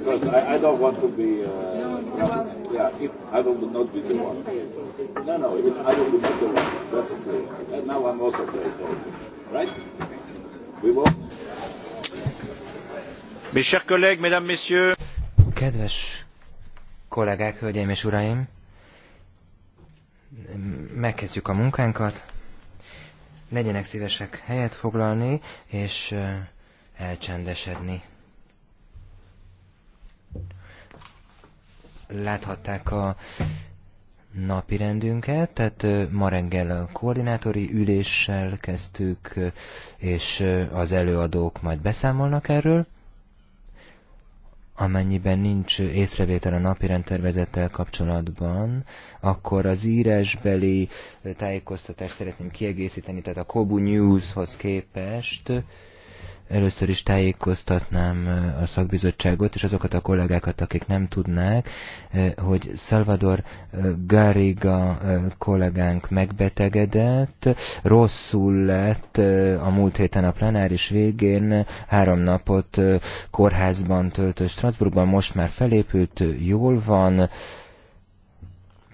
because I, I don't want to be. Uh, yeah, if Adam would not be the one. No, no, if Adam would not be the one, that's clear. And now I'm also afraid Right? We won't. Mes chers collègues, mesdames, messieurs. Kedves kollégák, hölgyeim és uraim, megkezdjük a munkánkat. Legyenek szívesek helyet foglalni, és elcsendesedni. láthatták a napi rendünket, tehát ma reggel a koordinátori üléssel kezdtük, és az előadók majd beszámolnak erről. Amennyiben nincs észrevétel a napi rendtervezettel kapcsolatban, akkor az írásbeli tájékoztatást szeretném kiegészíteni, tehát a Kobu Newshoz képest Először is tájékoztatnám a szakbizottságot és azokat a kollégákat, akik nem tudnák, hogy Salvador Garriga kollégánk megbetegedett, rosszul lett a múlt héten a plenáris végén, három napot kórházban töltött Strasbourgban, most már felépült, jól van,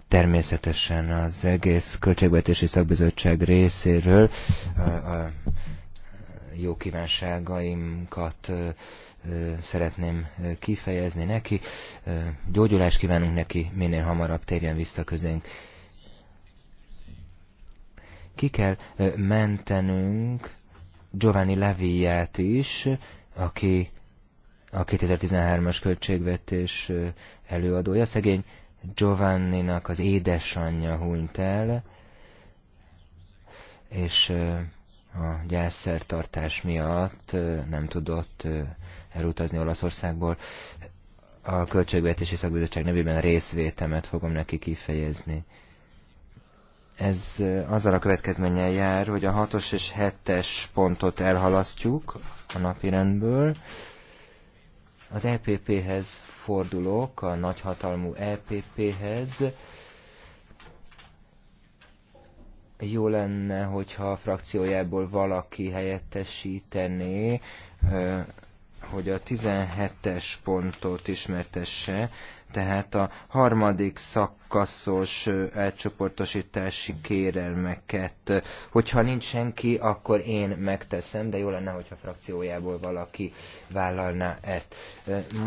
természetesen az egész költségvetési szakbizottság részéről a, a jó kívánságaimkat szeretném kifejezni neki. Gyógyulást kívánunk neki, minél hamarabb térjen vissza közénk. Ki kell mentenünk Giovanni Leviát is, aki a 2013-as költségvetés előadója. Szegény Giovanninak az édesanyja hunyt el, és a gyászszertartás miatt nem tudott elutazni Olaszországból. A Költségvetési Szakbizottság nevében részvétemet fogom neki kifejezni. Ez azzal a következménnyel jár, hogy a 6-os és 7-es pontot elhalasztjuk a napirendből. Az EPP-hez fordulok, a nagyhatalmú EPP-hez jó lenne, hogyha a frakciójából valaki helyettesítené, hogy a 17-es pontot ismertesse, tehát a harmadik szakaszos elcsoportosítási kérelmeket. Hogyha nincs senki, akkor én megteszem, de jó lenne, hogyha frakciójából valaki vállalná ezt.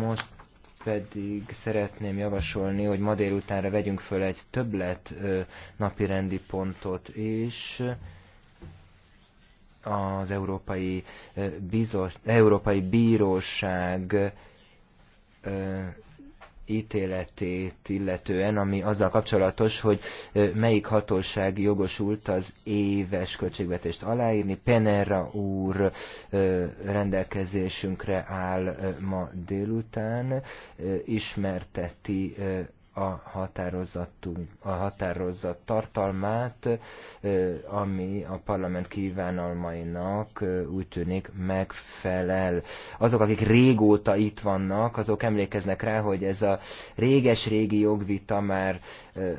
Most pedig szeretném javasolni, hogy ma délutánra vegyünk föl egy többlet napirendi pontot is az Európai, Bizos, Európai Bíróság ítéletét illetően, ami azzal kapcsolatos, hogy melyik hatóság jogosult az éves költségvetést aláírni. Penera úr rendelkezésünkre áll ma délután, ismerteti a, a határozat tartalmát, ami a parlament kívánalmainak úgy tűnik megfelel. Azok, akik régóta itt vannak, azok emlékeznek rá, hogy ez a réges-régi jogvita már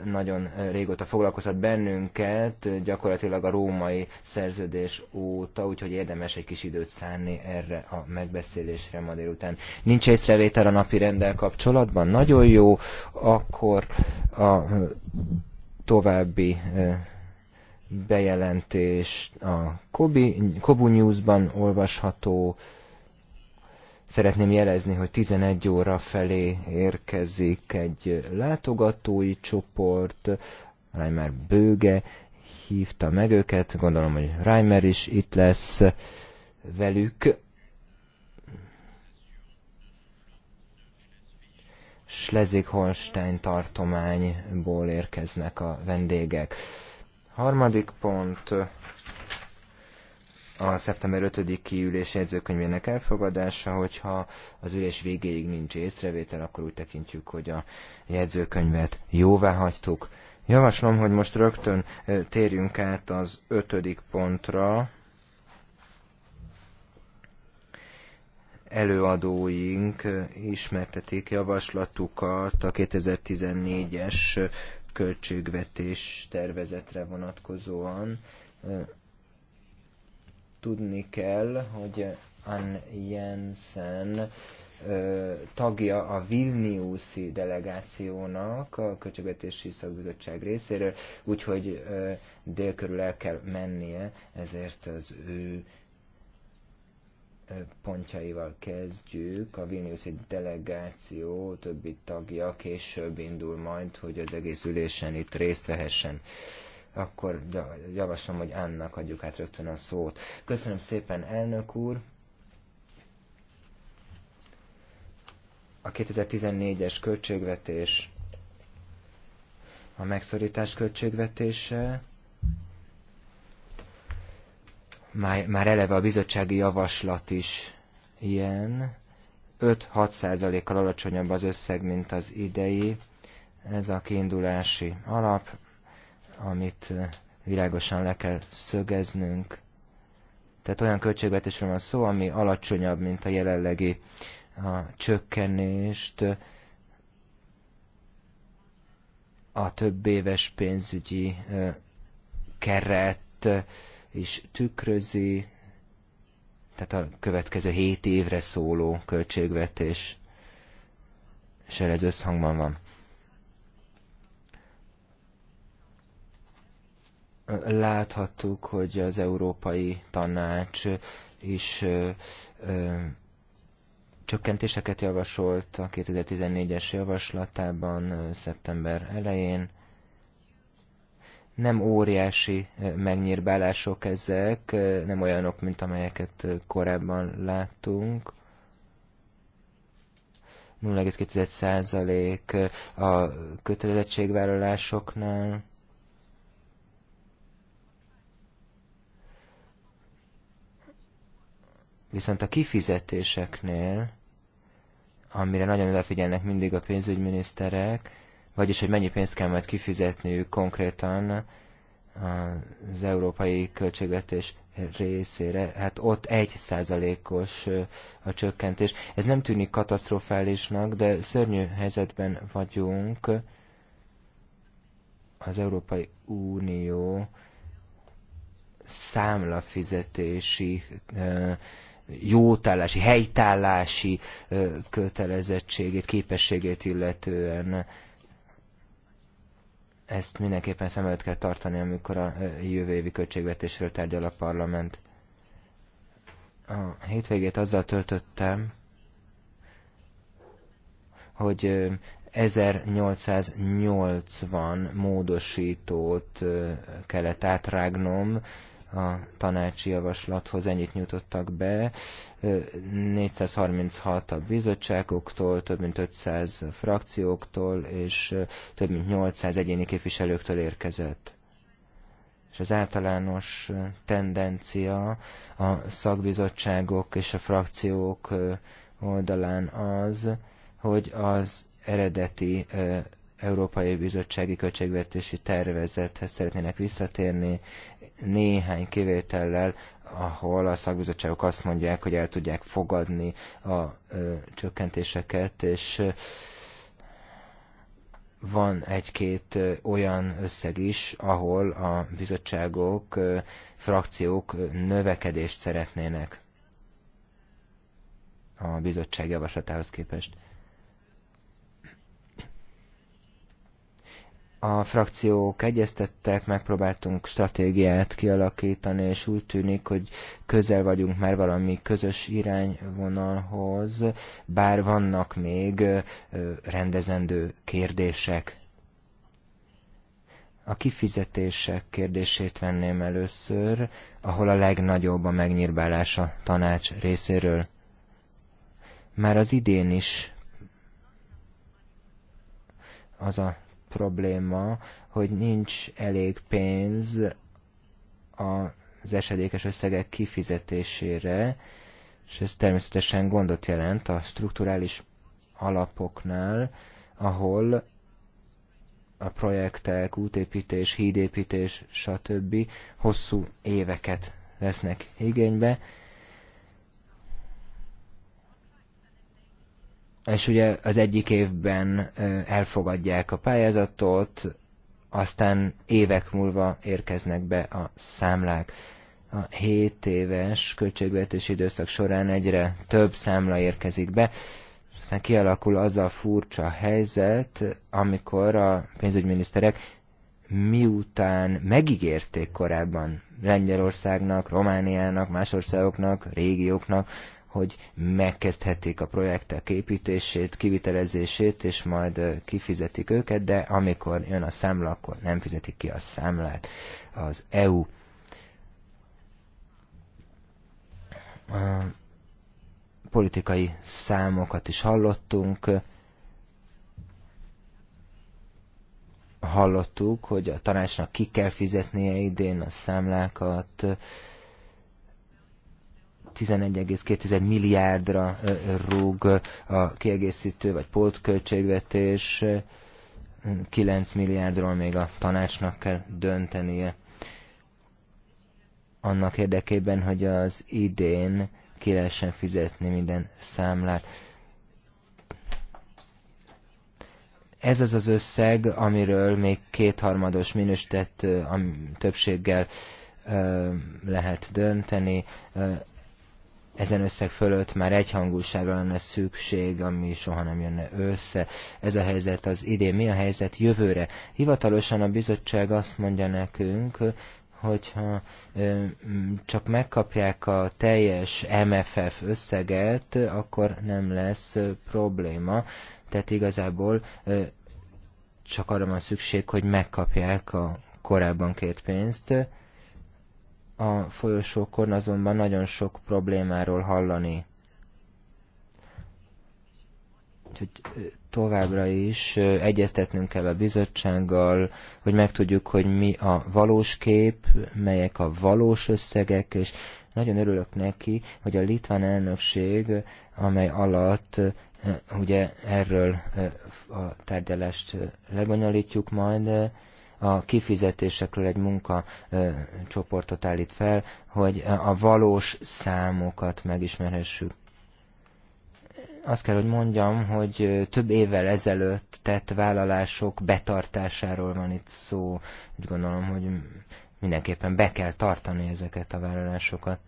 nagyon régóta foglalkozott bennünket, gyakorlatilag a római szerződés óta, úgyhogy érdemes egy kis időt szánni erre a megbeszélésre ma délután. Nincs észrevétel a napi rendel kapcsolatban? Nagyon jó. A akkor a további bejelentés a Kobi, Kobu News-ban olvasható. Szeretném jelezni, hogy 11 óra felé érkezik egy látogatói csoport, Reimer Bőge hívta meg őket, gondolom, hogy Reimer is itt lesz velük. Schleswig-Holstein tartományból érkeznek a vendégek. Harmadik pont a szeptember 5-i ülés jegyzőkönyvének elfogadása, hogyha az ülés végéig nincs észrevétel, akkor úgy tekintjük, hogy a jegyzőkönyvet jóvá hagytuk. Javaslom, hogy most rögtön eh, térjünk át az ötödik pontra, előadóink ismertetik javaslatukat a 2014-es költségvetés tervezetre vonatkozóan. Tudni kell, hogy Ann Jensen tagja a Vilniuszi delegációnak a Költségvetési Szakbizottság részéről, úgyhogy délkörül el kell mennie, ezért az ő pontjaival kezdjük. A egy delegáció többi tagja később indul majd, hogy az egész ülésen itt részt vehessen. Akkor javaslom, hogy Annak adjuk át rögtön a szót. Köszönöm szépen, elnök úr! A 2014-es költségvetés, a megszorítás költségvetése, már, már eleve a bizottsági javaslat is ilyen. 5-6 százalékkal alacsonyabb az összeg, mint az idei. Ez a kiindulási alap, amit eh, világosan le kell szögeznünk. Tehát olyan költségvetésről van szó, ami alacsonyabb, mint a jelenlegi a csökkenést a több éves pénzügyi eh, keret és tükrözi, tehát a következő hét évre szóló költségvetés, és ez összhangban van. Láthattuk, hogy az Európai Tanács is ö, ö, csökkentéseket javasolt a 2014-es javaslatában szeptember elején nem óriási megnyírbálások ezek, nem olyanok, mint amelyeket korábban láttunk. 0,2% a kötelezettségvállalásoknál. Viszont a kifizetéseknél, amire nagyon odafigyelnek mindig a pénzügyminiszterek, vagyis hogy mennyi pénzt kell majd kifizetniük konkrétan az európai költségvetés részére, hát ott egy százalékos a csökkentés. Ez nem tűnik katasztrofálisnak, de szörnyű helyzetben vagyunk. Az Európai Unió számlafizetési, jótállási, helytállási kötelezettségét, képességét illetően ezt mindenképpen szem előtt kell tartani, amikor a jövő évi költségvetésről tárgyal a parlament. A hétvégét azzal töltöttem, hogy 1880 módosítót kellett átrágnom, a tanácsi javaslathoz ennyit nyújtottak be, 436 a bizottságoktól, több mint 500 frakcióktól, és több mint 800 egyéni képviselőktől érkezett. És az általános tendencia a szakbizottságok és a frakciók oldalán az, hogy az eredeti Európai Bizottsági Költségvetési Tervezethez szeretnének visszatérni, néhány kivétellel, ahol a szakbizottságok azt mondják, hogy el tudják fogadni a ö, csökkentéseket, és van egy-két olyan összeg is, ahol a bizottságok, ö, frakciók növekedést szeretnének a bizottság javaslatához képest. a frakciók egyeztettek, megpróbáltunk stratégiát kialakítani, és úgy tűnik, hogy közel vagyunk már valami közös irányvonalhoz, bár vannak még rendezendő kérdések. A kifizetések kérdését venném először, ahol a legnagyobb a megnyírbálás a tanács részéről. Már az idén is az a probléma, hogy nincs elég pénz az esedékes összegek kifizetésére, és ez természetesen gondot jelent a strukturális alapoknál, ahol a projektek, útépítés, hídépítés, stb. hosszú éveket vesznek igénybe, és ugye az egyik évben elfogadják a pályázatot, aztán évek múlva érkeznek be a számlák. A 7 éves költségvetési időszak során egyre több számla érkezik be, aztán kialakul az a furcsa helyzet, amikor a pénzügyminiszterek miután megígérték korábban Lengyelországnak, Romániának, más országoknak, régióknak, hogy megkezdhetik a projektek építését, kivitelezését, és majd kifizetik őket, de amikor jön a számla, akkor nem fizetik ki a számlát. Az EU politikai számokat is hallottunk, hallottuk, hogy a tanácsnak ki kell fizetnie idén a számlákat, 11,2 milliárdra rúg a kiegészítő vagy pótköltségvetés, 9 milliárdról még a tanácsnak kell döntenie. Annak érdekében, hogy az idén ki lehessen fizetni minden számlát. ez az az összeg, amiről még kétharmados minősített többséggel lehet dönteni ezen összeg fölött már egyhangúságra lenne szükség, ami soha nem jönne össze. Ez a helyzet az idén, mi a helyzet jövőre? Hivatalosan a bizottság azt mondja nekünk, hogyha ö, csak megkapják a teljes MFF összeget, akkor nem lesz ö, probléma. Tehát igazából ö, csak arra van szükség, hogy megkapják a korábban kért pénzt. A folyosókon azonban nagyon sok problémáról hallani. Úgyhogy továbbra is egyeztetnünk kell a bizottsággal, hogy megtudjuk, hogy mi a valós kép, melyek a valós összegek, és nagyon örülök neki, hogy a litván elnökség, amely alatt ugye erről a tárgyalást lebonyolítjuk majd, a kifizetésekről egy munkacsoportot állít fel, hogy a valós számokat megismerhessük. Azt kell, hogy mondjam, hogy több évvel ezelőtt tett vállalások betartásáról van itt szó. Úgy gondolom, hogy mindenképpen be kell tartani ezeket a vállalásokat.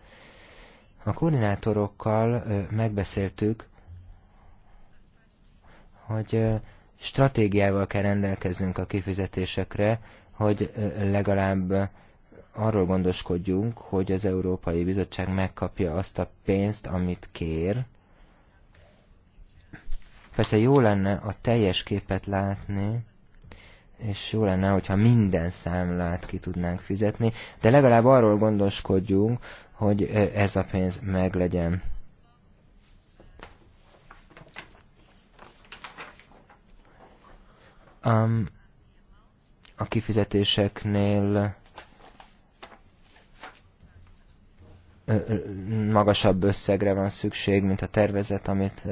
A koordinátorokkal megbeszéltük, hogy stratégiával kell rendelkeznünk a kifizetésekre, hogy legalább arról gondoskodjunk, hogy az Európai Bizottság megkapja azt a pénzt, amit kér. Persze jó lenne a teljes képet látni, és jó lenne, hogyha minden számlát ki tudnánk fizetni, de legalább arról gondoskodjunk, hogy ez a pénz meglegyen. a kifizetéseknél magasabb összegre van szükség, mint a tervezet, amit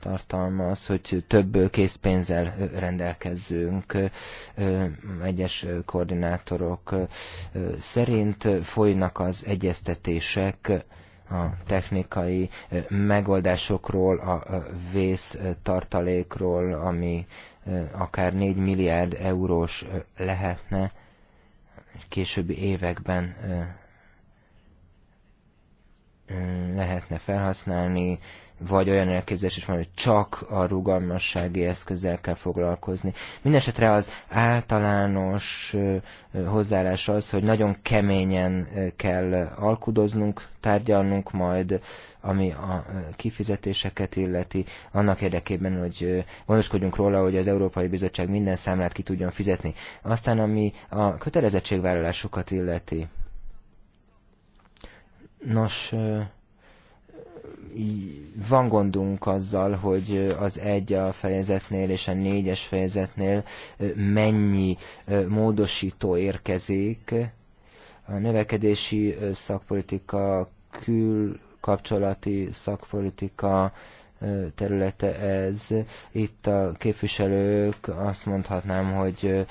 tartalmaz, hogy több készpénzzel rendelkezzünk egyes koordinátorok szerint folynak az egyeztetések a technikai megoldásokról, a tartalékról, ami akár 4 milliárd eurós lehetne későbbi években lehetne felhasználni vagy olyan elképzelés is van, hogy csak a rugalmassági eszközzel kell foglalkozni. Mindenesetre az általános hozzáállás az, hogy nagyon keményen kell alkudoznunk, tárgyalnunk majd, ami a kifizetéseket illeti, annak érdekében, hogy gondoskodjunk róla, hogy az Európai Bizottság minden számlát ki tudjon fizetni. Aztán, ami a kötelezettségvállalásokat illeti. Nos, van gondunk azzal, hogy az egy a fejezetnél és a négyes fejezetnél mennyi módosító érkezik. A növekedési szakpolitika, külkapcsolati szakpolitika, területe ez. Itt a képviselők azt mondhatnám, hogy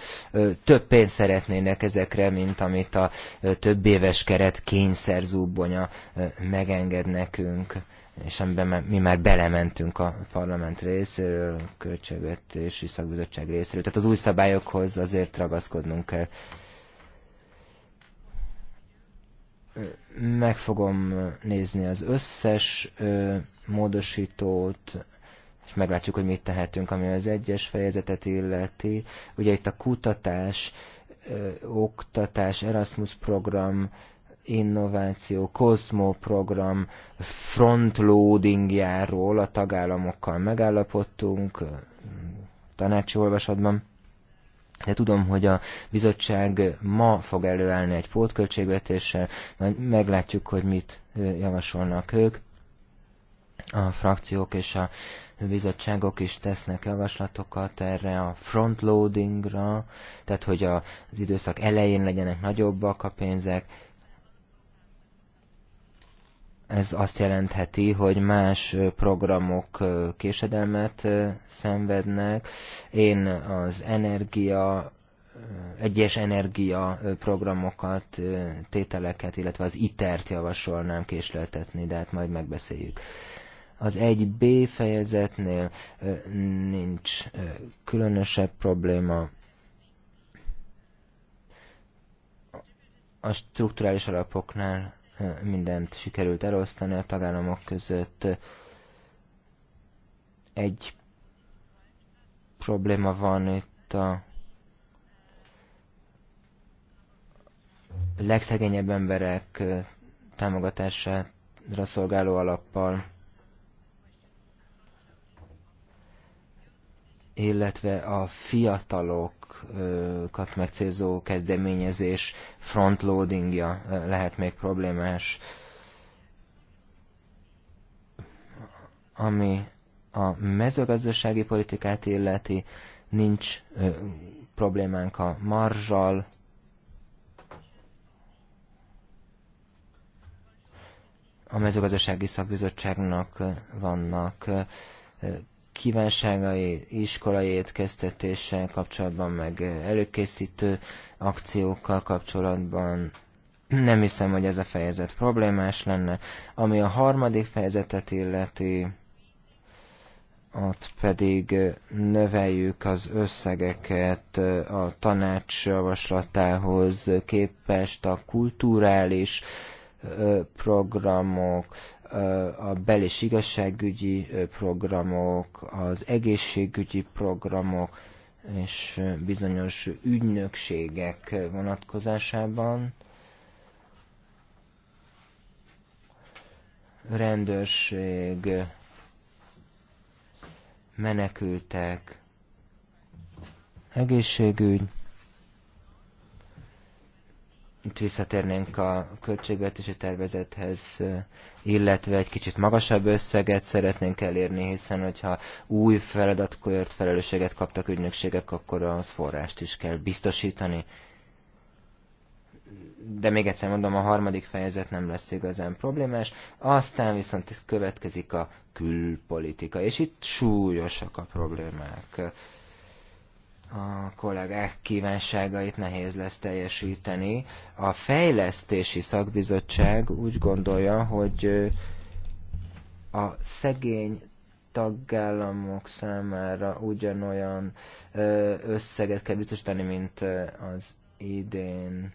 több pénzt szeretnének ezekre, mint amit a több éves keret kényszerzúbonya megenged nekünk és amiben mi már belementünk a parlament részéről, a költségvetési szakbizottság részéről. Tehát az új szabályokhoz azért ragaszkodnunk kell. meg fogom nézni az összes módosítót, és meglátjuk, hogy mit tehetünk, ami az egyes fejezetet illeti. Ugye itt a kutatás, oktatás, Erasmus program, innováció, Cosmo program frontloadingjáról a tagállamokkal megállapodtunk tanácsi olvasatban. De tudom, hogy a bizottság ma fog előállni egy pótköltségvetéssel, majd meglátjuk, hogy mit javasolnak ők. A frakciók és a bizottságok is tesznek javaslatokat erre a frontloadingra, tehát hogy az időszak elején legyenek nagyobbak a pénzek, ez azt jelentheti, hogy más programok késedelmet szenvednek. Én az energia egyes energia programokat, tételeket, illetve az ITER-t javasolnám késleltetni, de hát majd megbeszéljük. Az 1B fejezetnél nincs különösebb probléma. A strukturális alapoknál mindent sikerült elosztani a tagállamok között. Egy probléma van itt a legszegényebb emberek támogatására szolgáló alappal. illetve a fiatalokat megcélzó kezdeményezés frontloadingja lehet még problémás, ami a mezőgazdasági politikát illeti, nincs ö, problémánk a marzsal, a mezőgazdasági szakbizottságnak vannak kívánságai, iskolai étkeztetéssel kapcsolatban, meg előkészítő akciókkal kapcsolatban. Nem hiszem, hogy ez a fejezet problémás lenne. Ami a harmadik fejezetet illeti, ott pedig növeljük az összegeket a tanács javaslatához képest a kulturális programok, a bel- és igazságügyi programok, az egészségügyi programok és bizonyos ügynökségek vonatkozásában rendőrség, menekültek, egészségügy, itt visszatérnénk a költségvetési tervezethez, illetve egy kicsit magasabb összeget szeretnénk elérni, hiszen hogyha új feladatkört, felelősséget kaptak ügynökségek, akkor az forrást is kell biztosítani. De még egyszer mondom, a harmadik fejezet nem lesz igazán problémás. Aztán viszont következik a külpolitika, és itt súlyosak a problémák a kollégák kívánságait nehéz lesz teljesíteni. A fejlesztési szakbizottság úgy gondolja, hogy a szegény tagállamok számára ugyanolyan összeget kell biztosítani, mint az idén.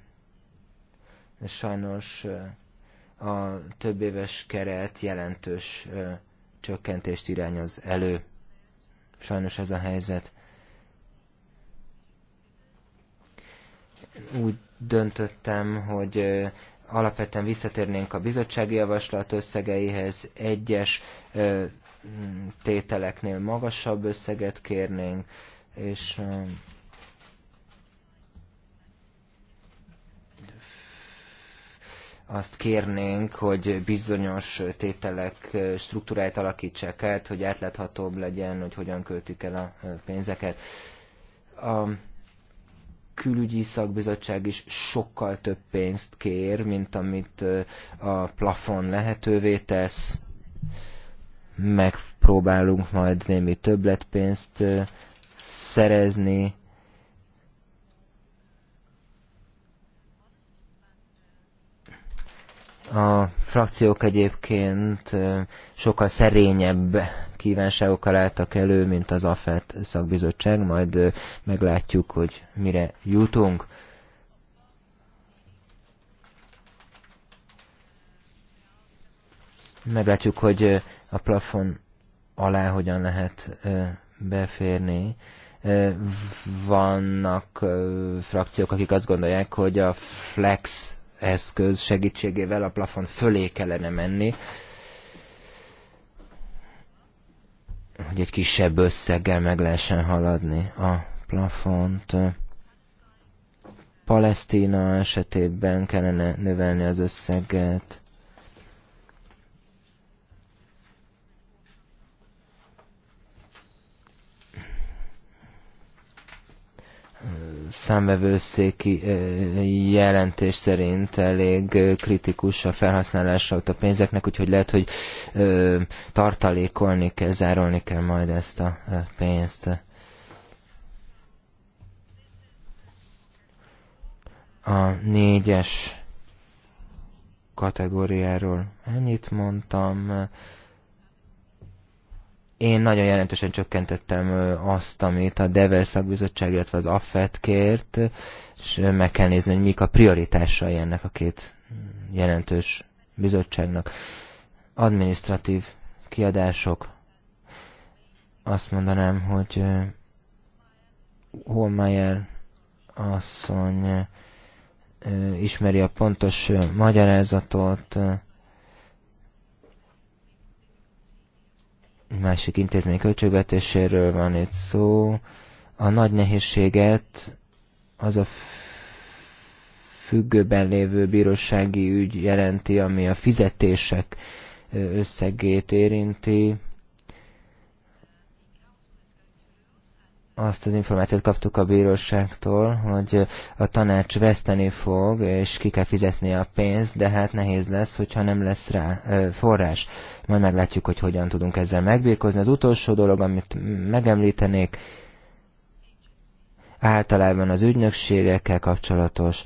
Sajnos a több éves keret jelentős csökkentést irányoz elő. Sajnos ez a helyzet. úgy döntöttem, hogy alapvetően visszatérnénk a bizottsági javaslat összegeihez, egyes tételeknél magasabb összeget kérnénk, és azt kérnénk, hogy bizonyos tételek struktúráját alakítsák át, hogy átláthatóbb legyen, hogy hogyan költik el a pénzeket. A külügyi szakbizottság is sokkal több pénzt kér, mint amit a plafon lehetővé tesz. Megpróbálunk majd némi többletpénzt szerezni. A frakciók egyébként sokkal szerényebb kívánságokkal álltak elő, mint az AFET szakbizottság, majd meglátjuk, hogy mire jutunk. Meglátjuk, hogy a plafon alá hogyan lehet beférni vannak frakciók, akik azt gondolják, hogy a flex eszköz segítségével a plafon fölé kellene menni. hogy egy kisebb összeggel meg lehessen haladni a plafont. Palesztina esetében kellene növelni az összeget. számvevőszéki jelentés szerint elég kritikus a felhasználása a pénzeknek, úgyhogy lehet, hogy tartalékolni kell, zárolni kell majd ezt a pénzt. A négyes kategóriáról ennyit mondtam. Én nagyon jelentősen csökkentettem azt, amit a Devel szakbizottság, illetve az AFET kért, és meg kell nézni, hogy mik a prioritásai ennek a két jelentős bizottságnak. Administratív kiadások. Azt mondanám, hogy Holmeyer asszony ismeri a pontos magyarázatot, másik intézmény költségvetéséről van itt szó. A nagy nehézséget az a függőben lévő bírósági ügy jelenti, ami a fizetések összegét érinti. azt az információt kaptuk a bíróságtól, hogy a tanács veszteni fog, és ki kell fizetni a pénzt, de hát nehéz lesz, hogyha nem lesz rá forrás. Majd meglátjuk, hogy hogyan tudunk ezzel megbírkozni. Az utolsó dolog, amit megemlítenék, általában az ügynökségekkel kapcsolatos.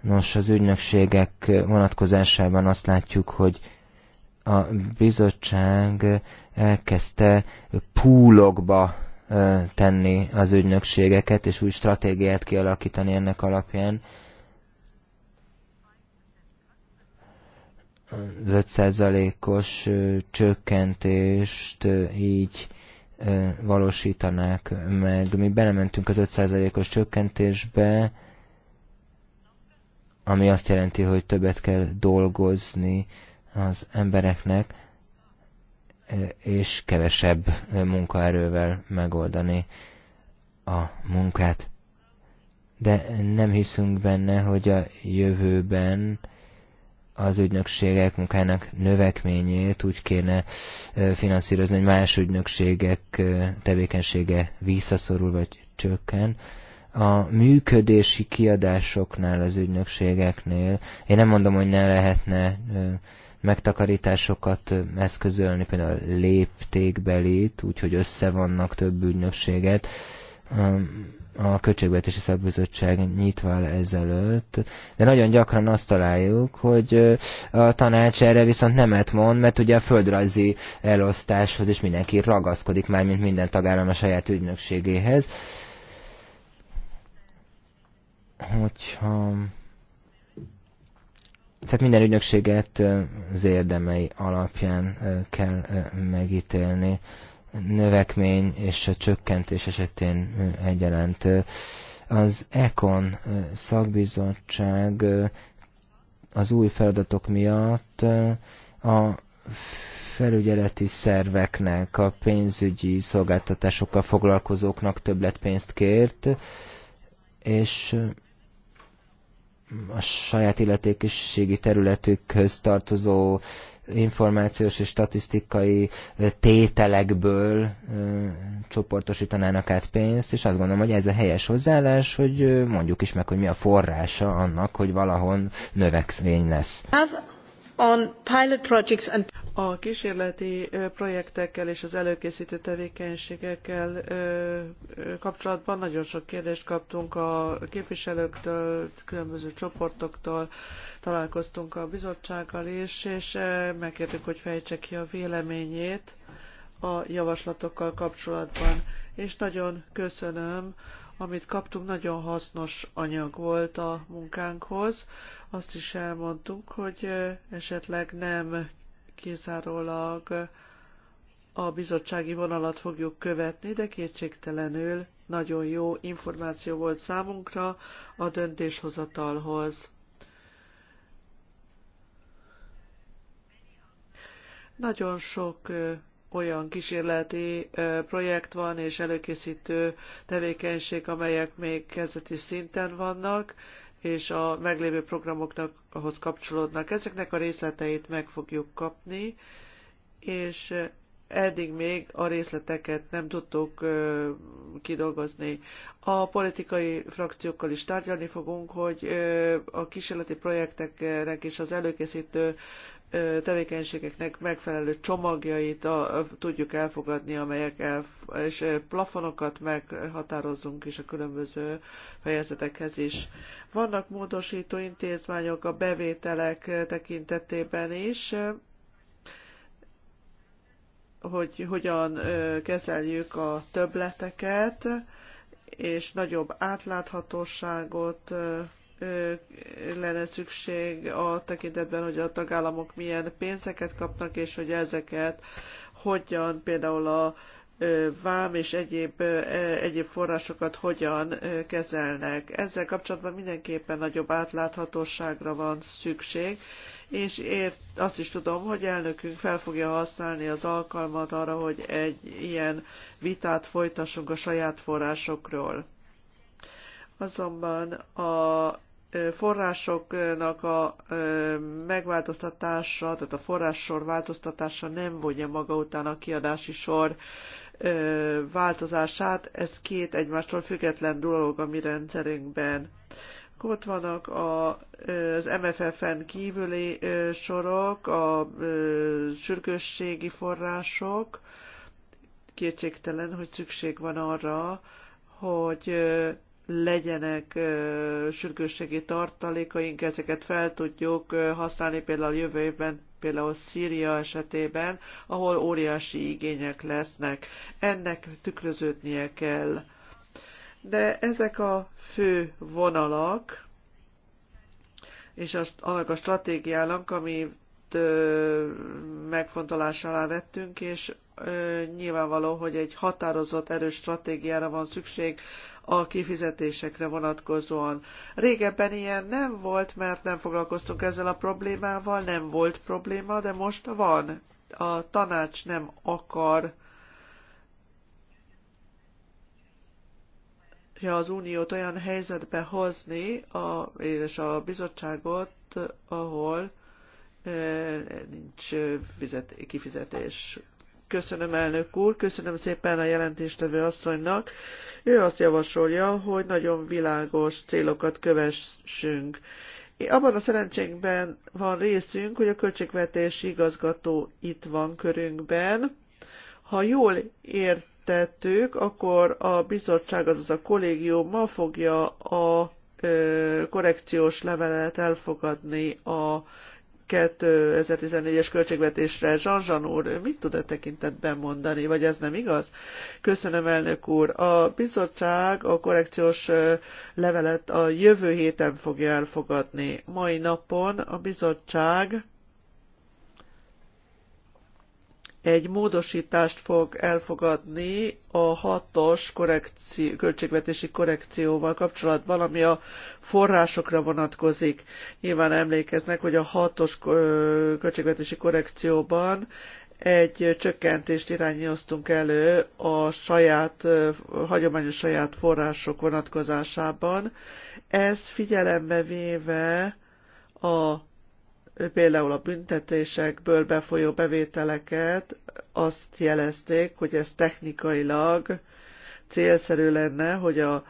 Nos, az ügynökségek vonatkozásában azt látjuk, hogy a bizottság elkezdte púlokba tenni az ügynökségeket, és új stratégiát kialakítani ennek alapján. Az 5%-os csökkentést így valósítanák meg. Mi belementünk az 5%-os csökkentésbe, ami azt jelenti, hogy többet kell dolgozni az embereknek, és kevesebb munkaerővel megoldani a munkát. De nem hiszünk benne, hogy a jövőben az ügynökségek munkának növekményét úgy kéne finanszírozni, hogy más ügynökségek tevékenysége visszaszorul vagy csökken. A működési kiadásoknál az ügynökségeknél, én nem mondom, hogy ne lehetne megtakarításokat eszközölni, például léptékbelit, úgyhogy összevannak több ügynökséget. A Költségvetési Szakbizottság nyitva ezelőtt, de nagyon gyakran azt találjuk, hogy a tanács erre viszont nemet mond, mert ugye a földrajzi elosztáshoz is mindenki ragaszkodik, már mint minden tagállam a saját ügynökségéhez. Hogyha tehát minden ügynökséget az érdemei alapján kell megítélni. Növekmény és a csökkentés esetén egyaránt. Az ECON szakbizottság az új feladatok miatt a felügyeleti szerveknek, a pénzügyi szolgáltatásokkal foglalkozóknak többletpénzt kért, és a saját illetékességi területükhöz tartozó információs és statisztikai tételekből csoportosítanának át pénzt, és azt gondolom, hogy ez a helyes hozzáállás, hogy mondjuk is meg, hogy mi a forrása annak, hogy valahon növekvény lesz. A kísérleti projektekkel és az előkészítő tevékenységekkel kapcsolatban nagyon sok kérdést kaptunk a képviselőktől, különböző csoportoktól, találkoztunk a bizottsággal is, és megkértük, hogy fejtse ki a véleményét a javaslatokkal kapcsolatban. És nagyon köszönöm, amit kaptunk, nagyon hasznos anyag volt a munkánkhoz. Azt is elmondtuk, hogy esetleg nem kizárólag a bizottsági vonalat fogjuk követni, de kétségtelenül nagyon jó információ volt számunkra a döntéshozatalhoz. Nagyon sok olyan kísérleti projekt van és előkészítő tevékenység, amelyek még kezdeti szinten vannak, és a meglévő programoknak ahhoz kapcsolódnak. Ezeknek a részleteit meg fogjuk kapni, és eddig még a részleteket nem tudtuk kidolgozni. A politikai frakciókkal is tárgyalni fogunk, hogy a kísérleti projekteknek és az előkészítő tevékenységeknek megfelelő csomagjait a, tudjuk elfogadni, amelyek el, és plafonokat meghatározunk is a különböző fejezetekhez is. Vannak módosító intézmányok a bevételek tekintetében is, hogy hogyan kezeljük a töbleteket, és nagyobb átláthatóságot lenne szükség a tekintetben, hogy a tagállamok milyen pénzeket kapnak, és hogy ezeket hogyan például a vám és egyéb, e, egyéb forrásokat hogyan kezelnek. Ezzel kapcsolatban mindenképpen nagyobb átláthatóságra van szükség, és ért, azt is tudom, hogy elnökünk fel fogja használni az alkalmat arra, hogy egy ilyen vitát folytassunk a saját forrásokról. Azonban a forrásoknak a megváltoztatása, tehát a forrássor változtatása nem vonja maga után a kiadási sor változását. Ez két egymástól független dolog a mi rendszerünkben. Ott vannak a, az MFF-en kívüli sorok, a sürgősségi források. Kétségtelen, hogy szükség van arra, hogy legyenek sürgősségi tartalékaink, ezeket fel tudjuk használni például jövő évben, például Szíria esetében, ahol óriási igények lesznek. Ennek tükröződnie kell. De ezek a fő vonalak, és az, annak a stratégiának, amit megfontolás alá vettünk, és nyilvánvaló, hogy egy határozott, erős stratégiára van szükség a kifizetésekre vonatkozóan. Régebben ilyen nem volt, mert nem foglalkoztunk ezzel a problémával, nem volt probléma, de most van. A tanács nem akar ja, az uniót olyan helyzetbe hozni, a, és a bizottságot, ahol eh, nincs eh, fizet, kifizetés. Köszönöm, elnök úr, köszönöm szépen a jelentéstevő asszonynak. Ő azt javasolja, hogy nagyon világos célokat kövessünk. Abban a szerencsénkben van részünk, hogy a költségvetési igazgató itt van körünkben. Ha jól értettük, akkor a bizottság, azaz a kollégium ma fogja a korrekciós levelet elfogadni a 2014-es költségvetésre. Zsanzsan úr, mit tud a e tekintetben mondani, vagy ez nem igaz? Köszönöm, elnök úr. A bizottság a korrekciós levelet a jövő héten fogja elfogadni. Mai napon a bizottság egy módosítást fog elfogadni a hatos korrekció, költségvetési korrekcióval kapcsolatban, ami a forrásokra vonatkozik. Nyilván emlékeznek, hogy a hatos költségvetési korrekcióban egy csökkentést irányoztunk elő a saját, hagyományos saját források vonatkozásában. Ez figyelembe véve a például a büntetésekből befolyó bevételeket, azt jelezték, hogy ez technikailag célszerű lenne, hogy a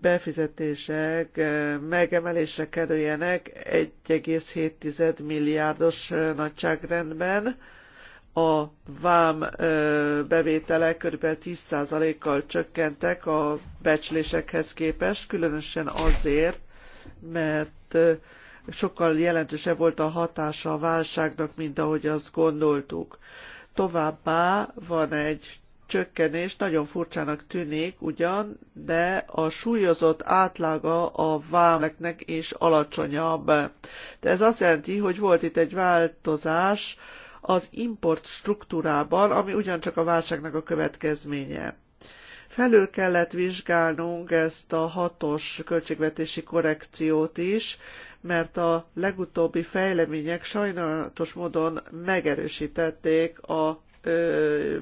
befizetések megemelésre kerüljenek 1,7 milliárdos nagyságrendben, a vám bevételek kb. 10%-kal csökkentek a becslésekhez képest, különösen azért, mert sokkal jelentősebb volt a hatása a válságnak, mint ahogy azt gondoltuk. Továbbá van egy csökkenés, nagyon furcsának tűnik ugyan, de a súlyozott átlága a vámeknek is alacsonyabb. De ez azt jelenti, hogy volt itt egy változás az import struktúrában, ami ugyancsak a válságnak a következménye. Felül kellett vizsgálnunk ezt a hatos költségvetési korrekciót is, mert a legutóbbi fejlemények sajnálatos módon megerősítették a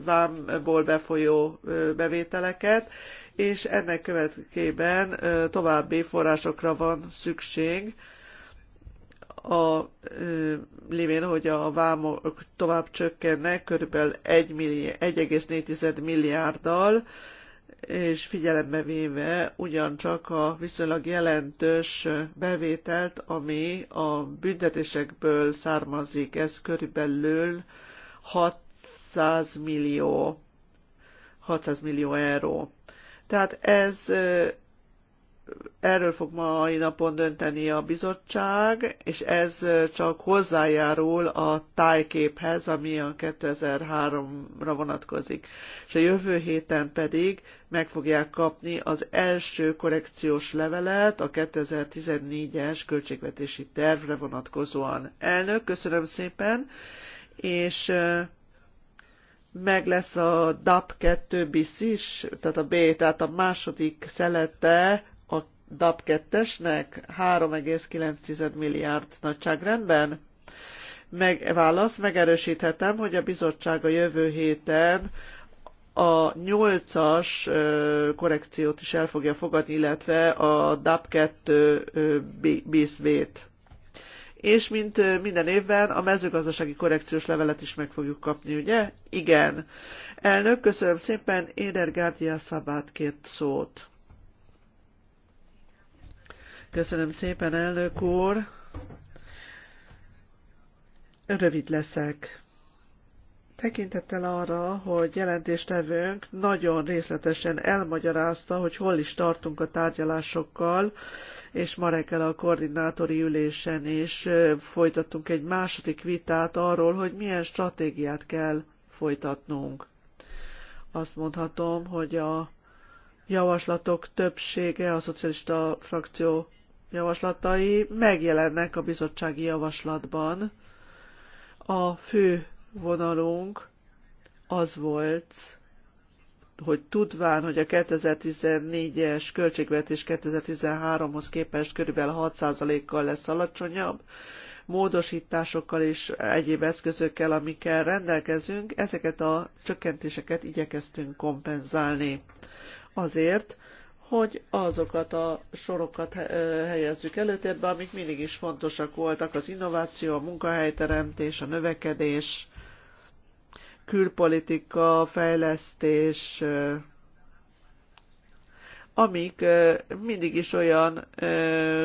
vámból befolyó bevételeket, és ennek következtében további forrásokra van szükség, a lévén, hogy a vámok tovább csökkennek, körülbelül 1,4 milliárddal, és figyelembe véve ugyancsak a viszonylag jelentős bevételt, ami a büntetésekből származik, ez körülbelül 600 millió, 600 millió euró. Tehát ez erről fog mai napon dönteni a bizottság, és ez csak hozzájárul a tájképhez, ami a 2003-ra vonatkozik. És a jövő héten pedig meg fogják kapni az első korrekciós levelet a 2014-es költségvetési tervre vonatkozóan. Elnök, köszönöm szépen, és meg lesz a DAP 2 bis is, tehát a B, tehát a második szelete DAP 2-esnek 3,9 milliárd nagyságrendben? Meg, válasz, megerősíthetem, hogy a bizottság a jövő héten a 8-as korrekciót is el fogja fogadni, illetve a DAP 2 bizvét. És mint minden évben a mezőgazdasági korrekciós levelet is meg fogjuk kapni, ugye? Igen. Elnök, köszönöm szépen, Éder Gárdia Szabát kért szót. Köszönöm szépen, elnök úr. Rövid leszek. Tekintettel arra, hogy jelentéstevőnk nagyon részletesen elmagyarázta, hogy hol is tartunk a tárgyalásokkal, és ma reggel a koordinátori ülésen is folytattunk egy második vitát arról, hogy milyen stratégiát kell folytatnunk. Azt mondhatom, hogy a javaslatok többsége a szocialista frakció javaslatai megjelennek a bizottsági javaslatban. A fő vonalunk az volt, hogy tudván, hogy a 2014-es költségvetés 2013-hoz képest kb. 6%-kal lesz alacsonyabb, módosításokkal és egyéb eszközökkel, amikkel rendelkezünk, ezeket a csökkentéseket igyekeztünk kompenzálni. Azért, hogy azokat a sorokat eh, helyezzük előtérbe, amik mindig is fontosak voltak, az innováció, a munkahelyteremtés, a növekedés, külpolitika, fejlesztés, eh, amik mindig is olyan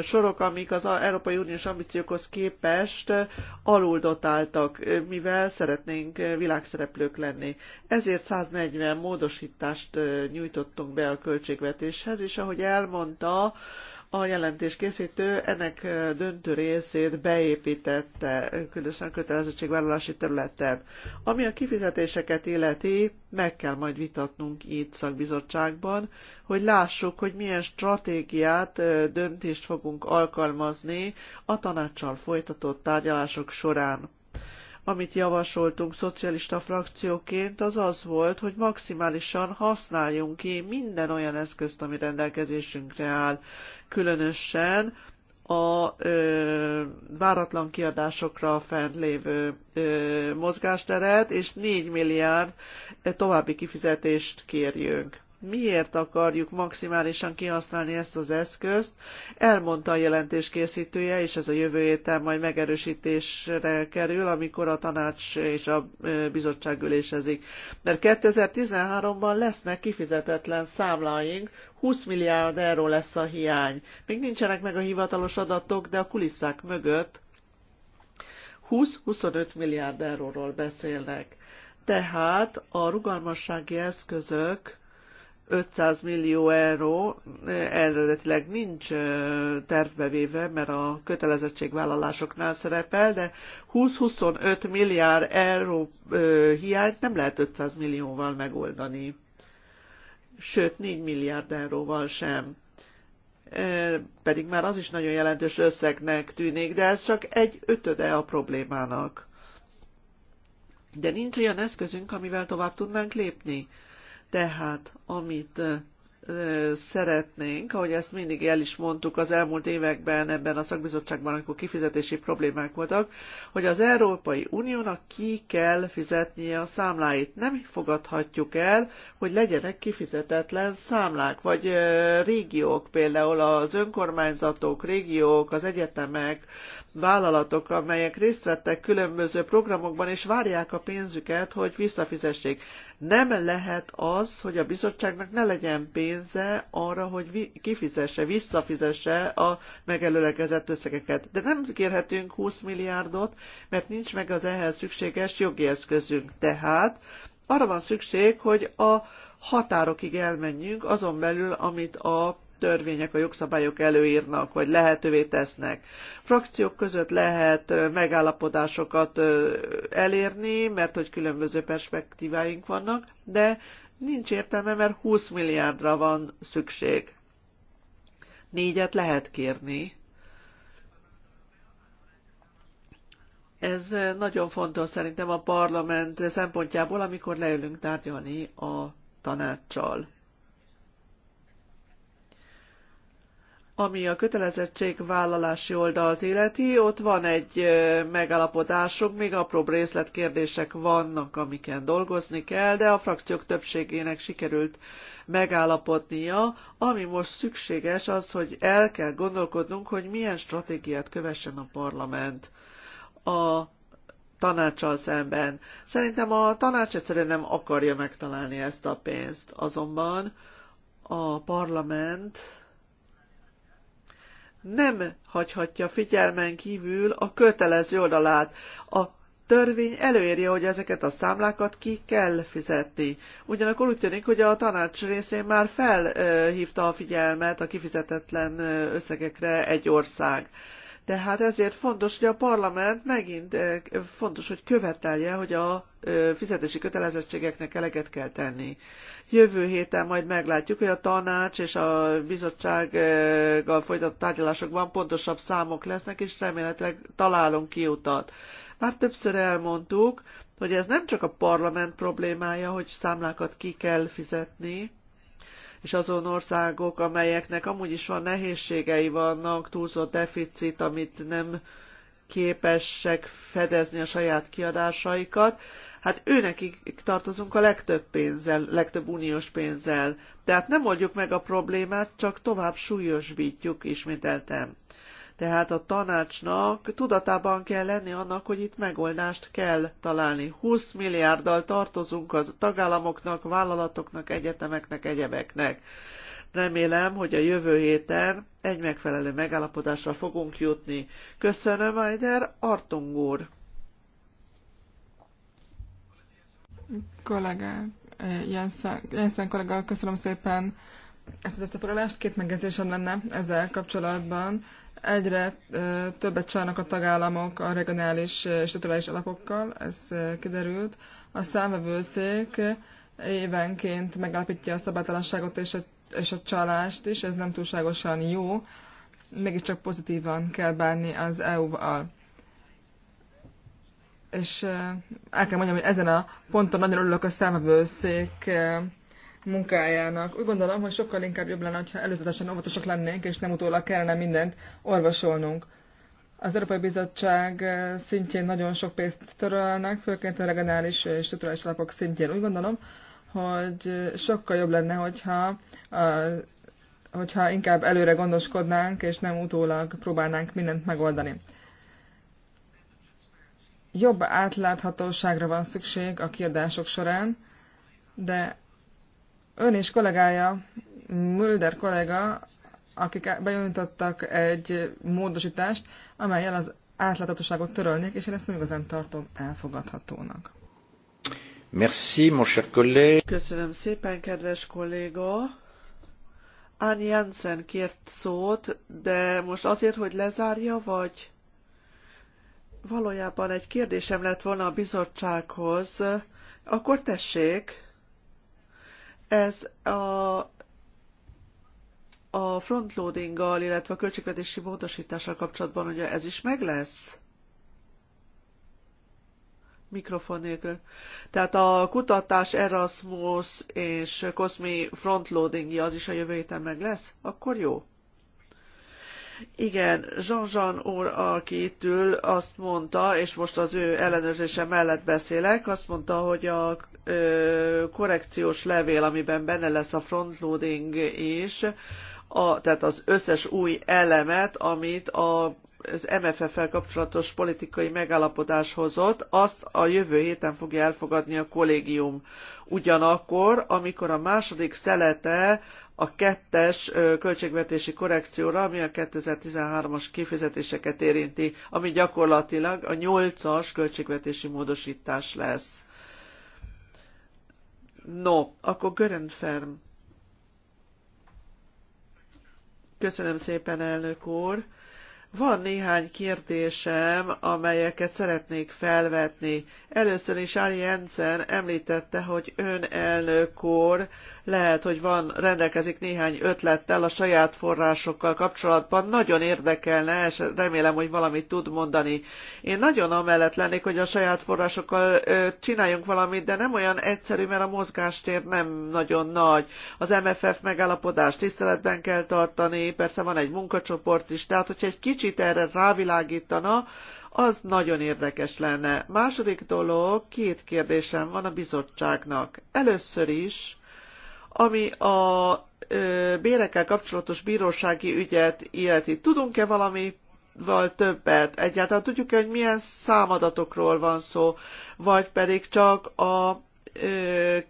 sorok, amik az Európai Uniós ambíciókhoz képest aluldotáltak, mivel szeretnénk világszereplők lenni. Ezért 140 módosítást nyújtottunk be a költségvetéshez, és ahogy elmondta, a jelentés készítő ennek döntő részét beépítette, különösen kötelezettségvállalási területen. Ami a kifizetéseket illeti, meg kell majd vitatnunk itt szakbizottságban, hogy lássuk, hogy milyen stratégiát, döntést fogunk alkalmazni a tanácssal folytatott tárgyalások során amit javasoltunk szocialista frakcióként, az az volt, hogy maximálisan használjunk ki minden olyan eszközt, ami rendelkezésünkre áll, különösen a ö, váratlan kiadásokra fent lévő ö, mozgásteret, és 4 milliárd további kifizetést kérjünk miért akarjuk maximálisan kihasználni ezt az eszközt, elmondta a jelentés készítője, és ez a jövő héten majd megerősítésre kerül, amikor a tanács és a bizottság ülésezik. Mert 2013-ban lesznek kifizetetlen számláink, 20 milliárd euró lesz a hiány. Még nincsenek meg a hivatalos adatok, de a kulisszák mögött 20-25 milliárd euróról beszélnek. Tehát a rugalmassági eszközök 500 millió euró eh, eredetileg nincs eh, tervbe véve, mert a kötelezettségvállalásoknál szerepel, de 20-25 milliárd euró eh, hiányt nem lehet 500 millióval megoldani. Sőt, 4 milliárd euróval sem pedig már az is nagyon jelentős összegnek tűnik, de ez csak egy ötöde a problémának. De nincs olyan eszközünk, amivel tovább tudnánk lépni. Tehát, amit szeretnénk, ahogy ezt mindig el is mondtuk az elmúlt években ebben a szakbizottságban, amikor kifizetési problémák voltak, hogy az Európai Uniónak ki kell fizetnie a számláit. Nem fogadhatjuk el, hogy legyenek kifizetetlen számlák, vagy régiók, például az önkormányzatok, régiók, az egyetemek, vállalatok, amelyek részt vettek különböző programokban, és várják a pénzüket, hogy visszafizessék. Nem lehet az, hogy a bizottságnak ne legyen pénze arra, hogy kifizesse, visszafizesse a megelőlegezett összegeket. De nem kérhetünk 20 milliárdot, mert nincs meg az ehhez szükséges jogi eszközünk. Tehát arra van szükség, hogy a határokig elmenjünk, azon belül, amit a törvények, a jogszabályok előírnak, vagy lehetővé tesznek. Frakciók között lehet megállapodásokat elérni, mert hogy különböző perspektíváink vannak, de nincs értelme, mert 20 milliárdra van szükség. Négyet lehet kérni. Ez nagyon fontos szerintem a parlament szempontjából, amikor leülünk tárgyalni a tanácssal. Ami a kötelezettségvállalási oldalt illeti, ott van egy megállapodásunk, még apróbb részletkérdések vannak, amiken dolgozni kell, de a frakciók többségének sikerült megállapodnia. Ami most szükséges az, hogy el kell gondolkodnunk, hogy milyen stratégiát kövessen a parlament. A tanácssal szemben. Szerintem a tanács egyszerűen nem akarja megtalálni ezt a pénzt. Azonban a parlament nem hagyhatja figyelmen kívül a kötelező oldalát. A törvény előírja, hogy ezeket a számlákat ki kell fizetni. Ugyanakkor úgy tűnik, hogy a tanács részén már felhívta a figyelmet a kifizetetlen összegekre egy ország. Tehát ezért fontos, hogy a parlament megint eh, fontos, hogy követelje, hogy a eh, fizetési kötelezettségeknek eleget kell tenni. Jövő héten majd meglátjuk, hogy a tanács és a bizottsággal eh, folytatott tárgyalásokban pontosabb számok lesznek, és remélhetőleg találunk kiutat. Már többször elmondtuk, hogy ez nem csak a parlament problémája, hogy számlákat ki kell fizetni, és azon országok, amelyeknek amúgy is van nehézségei vannak, túlzott deficit, amit nem képesek fedezni a saját kiadásaikat, hát őnekik tartozunk a legtöbb pénzzel, legtöbb uniós pénzzel. Tehát nem oldjuk meg a problémát, csak tovább súlyosbítjuk, ismételtem. Tehát a tanácsnak tudatában kell lenni annak, hogy itt megoldást kell találni. 20 milliárddal tartozunk az tagállamoknak, vállalatoknak, egyetemeknek, egyebeknek. Remélem, hogy a jövő héten egy megfelelő megállapodásra fogunk jutni. Köszönöm, Ajder Artung úr! Kollega, eh, Jensen, Jensen kollega, köszönöm szépen ezt az összefoglalást. Két megjegyzésem lenne ezzel kapcsolatban. Egyre többet csalnak a tagállamok a regionális és tudományos alapokkal, ez kiderült. A számvevőszék évenként megállapítja a szabálytalanságot és a, és a csalást is, ez nem túlságosan jó, mégiscsak pozitívan kell bánni az EU-val. És el kell mondjam, hogy ezen a ponton nagyon örülök a számvevőszék munkájának. Úgy gondolom, hogy sokkal inkább jobb lenne, ha előzetesen óvatosak lennénk, és nem utólag kellene mindent orvosolnunk. Az Európai Bizottság eh, szintjén nagyon sok pénzt törölnek, főként a regionális és strukturális alapok szintjén. Úgy gondolom, hogy eh, sokkal jobb lenne, hogyha, hogyha inkább előre gondoskodnánk, és nem utólag próbálnánk mindent megoldani. Jobb átláthatóságra van szükség a kiadások során, de Ön és kollégája, Mulder kollega, akik bejuntottak egy módosítást, amelyel az átláthatóságot törölnék, és én ezt nem igazán tartom elfogadhatónak. Merci, mon cher collègue. Köszönöm szépen, kedves kolléga. Ann Jensen kért szót, de most azért, hogy lezárja, vagy? Valójában egy kérdésem lett volna a bizottsághoz. Akkor tessék. Ez a a frontloadinggal, illetve a költségvetési módosítással kapcsolatban, hogy ez is meg lesz? Mikrofon nélkül. Tehát a kutatás Erasmus és Cosmi frontloadingja az is a jövő héten meg lesz? Akkor jó. Igen, Jean-Jean úr, aki itt ül, azt mondta, és most az ő ellenőrzése mellett beszélek, azt mondta, hogy a ö, korrekciós levél, amiben benne lesz a frontloading is, a, tehát az összes új elemet, amit a, az MFF-fel kapcsolatos politikai megállapodás hozott, azt a jövő héten fogja elfogadni a kollégium. Ugyanakkor, amikor a második szelete a kettes költségvetési korrekcióra, ami a 2013-as kifizetéseket érinti, ami gyakorlatilag a nyolcas költségvetési módosítás lesz. No, akkor Görenferm. Köszönöm szépen, elnök úr. Van néhány kérdésem, amelyeket szeretnék felvetni. Először is Ari Jensen említette, hogy ön elnök úr lehet, hogy van, rendelkezik néhány ötlettel a saját forrásokkal kapcsolatban. Nagyon érdekelne, és remélem, hogy valamit tud mondani. Én nagyon amellett lennék, hogy a saját forrásokkal ö, csináljunk valamit, de nem olyan egyszerű, mert a mozgástér nem nagyon nagy. Az MFF megállapodást tiszteletben kell tartani, persze van egy munkacsoport is, tehát hogyha egy kicsit kicsit erre rávilágítana, az nagyon érdekes lenne. Második dolog, két kérdésem van a bizottságnak. Először is, ami a ö, bérekkel kapcsolatos bírósági ügyet illeti. Tudunk-e valami val többet? Egyáltalán tudjuk-e, hogy milyen számadatokról van szó, vagy pedig csak a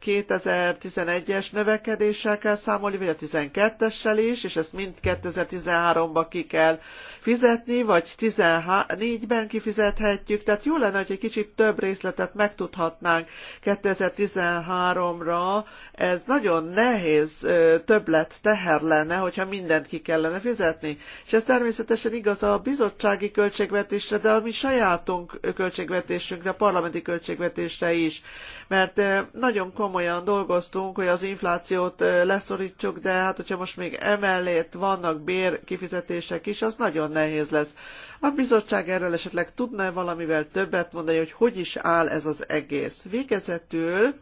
2011-es növekedéssel kell számolni, vagy a 12-essel is, és ezt mind 2013-ba ki kell fizetni, vagy 14-ben kifizethetjük. Tehát jó lenne, hogy egy kicsit több részletet megtudhatnánk 2013-ra. Ez nagyon nehéz többlet teher lenne, hogyha mindent ki kellene fizetni. És ez természetesen igaz a bizottsági költségvetésre, de a mi sajátunk költségvetésünkre, a parlamenti költségvetésre is. Mert nagyon komolyan dolgoztunk, hogy az inflációt leszorítsuk, de hát hogyha most még emellett vannak bérkifizetések is, az nagyon nehéz lesz. A bizottság erről esetleg tudna -e valamivel többet mondani, hogy hogy is áll ez az egész. Végezetül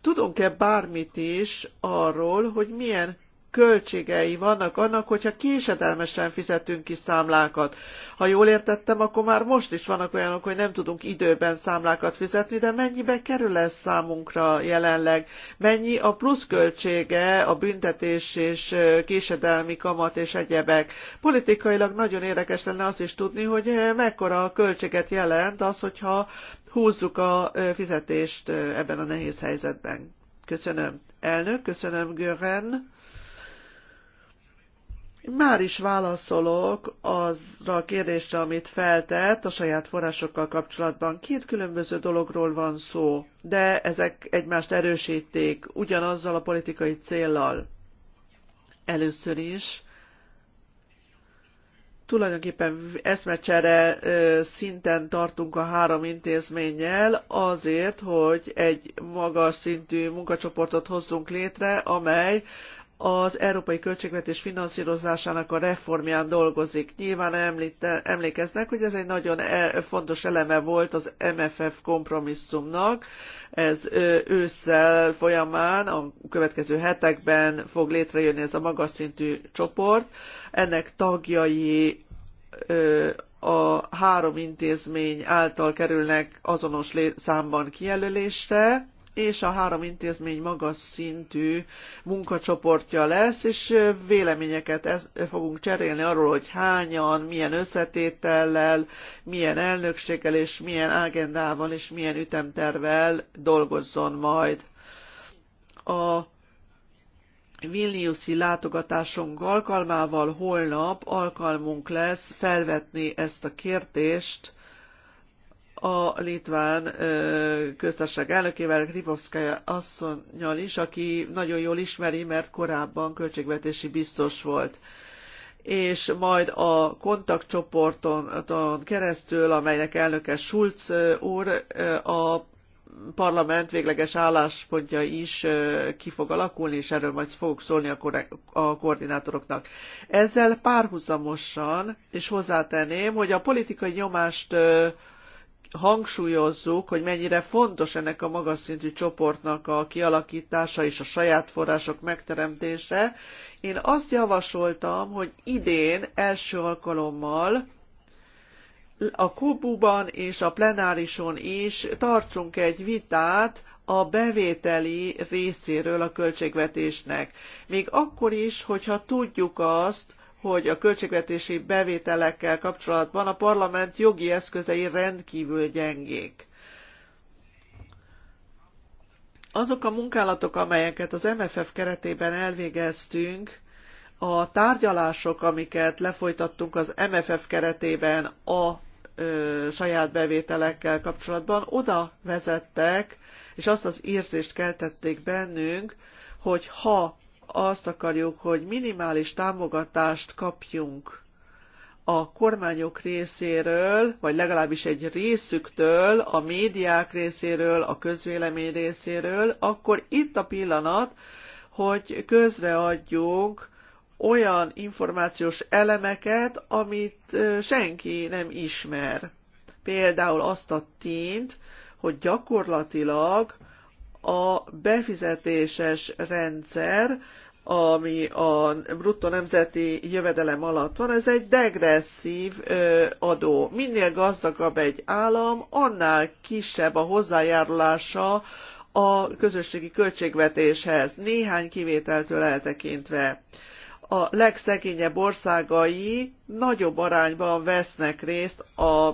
tudunk-e bármit is arról, hogy milyen költségei vannak annak, hogyha késedelmesen fizetünk ki számlákat. Ha jól értettem, akkor már most is vannak olyanok, hogy nem tudunk időben számlákat fizetni, de mennyibe kerül ez számunkra jelenleg? Mennyi a pluszköltsége a büntetés és késedelmi kamat és egyebek? Politikailag nagyon érdekes lenne azt is tudni, hogy mekkora a költséget jelent az, hogyha húzzuk a fizetést ebben a nehéz helyzetben. Köszönöm. Elnök, köszönöm Gören. Már is válaszolok azra a kérdésre, amit feltett a saját forrásokkal kapcsolatban. Két különböző dologról van szó, de ezek egymást erősíték ugyanazzal a politikai céllal. Először is tulajdonképpen eszmecsere szinten tartunk a három intézménnyel azért, hogy egy magas szintű munkacsoportot hozzunk létre, amely az európai költségvetés finanszírozásának a reformján dolgozik. Nyilván említe, emlékeznek, hogy ez egy nagyon e, fontos eleme volt az MFF kompromisszumnak. Ez ősszel folyamán, a következő hetekben fog létrejönni ez a magas szintű csoport. Ennek tagjai a három intézmény által kerülnek azonos számban kijelölésre és a három intézmény magas szintű munkacsoportja lesz, és véleményeket fogunk cserélni arról, hogy hányan, milyen összetétellel, milyen elnökséggel és milyen agendával és milyen ütemtervel dolgozzon majd. A Vilniuszi látogatásunk alkalmával holnap alkalmunk lesz felvetni ezt a kérdést a litván köztársaság elnökével, Krivovszkaja asszonynal is, aki nagyon jól ismeri, mert korábban költségvetési biztos volt és majd a kontaktcsoporton keresztül, amelynek elnöke Schulz úr, a parlament végleges álláspontja is ki fog alakulni, és erről majd fogok szólni a, a koordinátoroknak. Ezzel párhuzamosan, és hozzátenném, hogy a politikai nyomást hangsúlyozzuk, hogy mennyire fontos ennek a magas szintű csoportnak a kialakítása és a saját források megteremtése. Én azt javasoltam, hogy idén első alkalommal a kububan és a plenárison is tartsunk egy vitát a bevételi részéről a költségvetésnek. Még akkor is, hogyha tudjuk azt, hogy a költségvetési bevételekkel kapcsolatban a parlament jogi eszközei rendkívül gyengék. Azok a munkálatok, amelyeket az MFF keretében elvégeztünk, a tárgyalások, amiket lefolytattunk az MFF keretében a ö, saját bevételekkel kapcsolatban, oda vezettek, és azt az érzést keltették bennünk, hogy ha azt akarjuk, hogy minimális támogatást kapjunk a kormányok részéről, vagy legalábbis egy részüktől, a médiák részéről, a közvélemény részéről, akkor itt a pillanat, hogy közreadjunk olyan információs elemeket, amit senki nem ismer. Például azt a tényt, hogy gyakorlatilag a befizetéses rendszer, ami a bruttó nemzeti jövedelem alatt van, ez egy degresszív adó. Minél gazdagabb egy állam, annál kisebb a hozzájárulása a közösségi költségvetéshez, néhány kivételtől eltekintve a legszegényebb országai nagyobb arányban vesznek részt a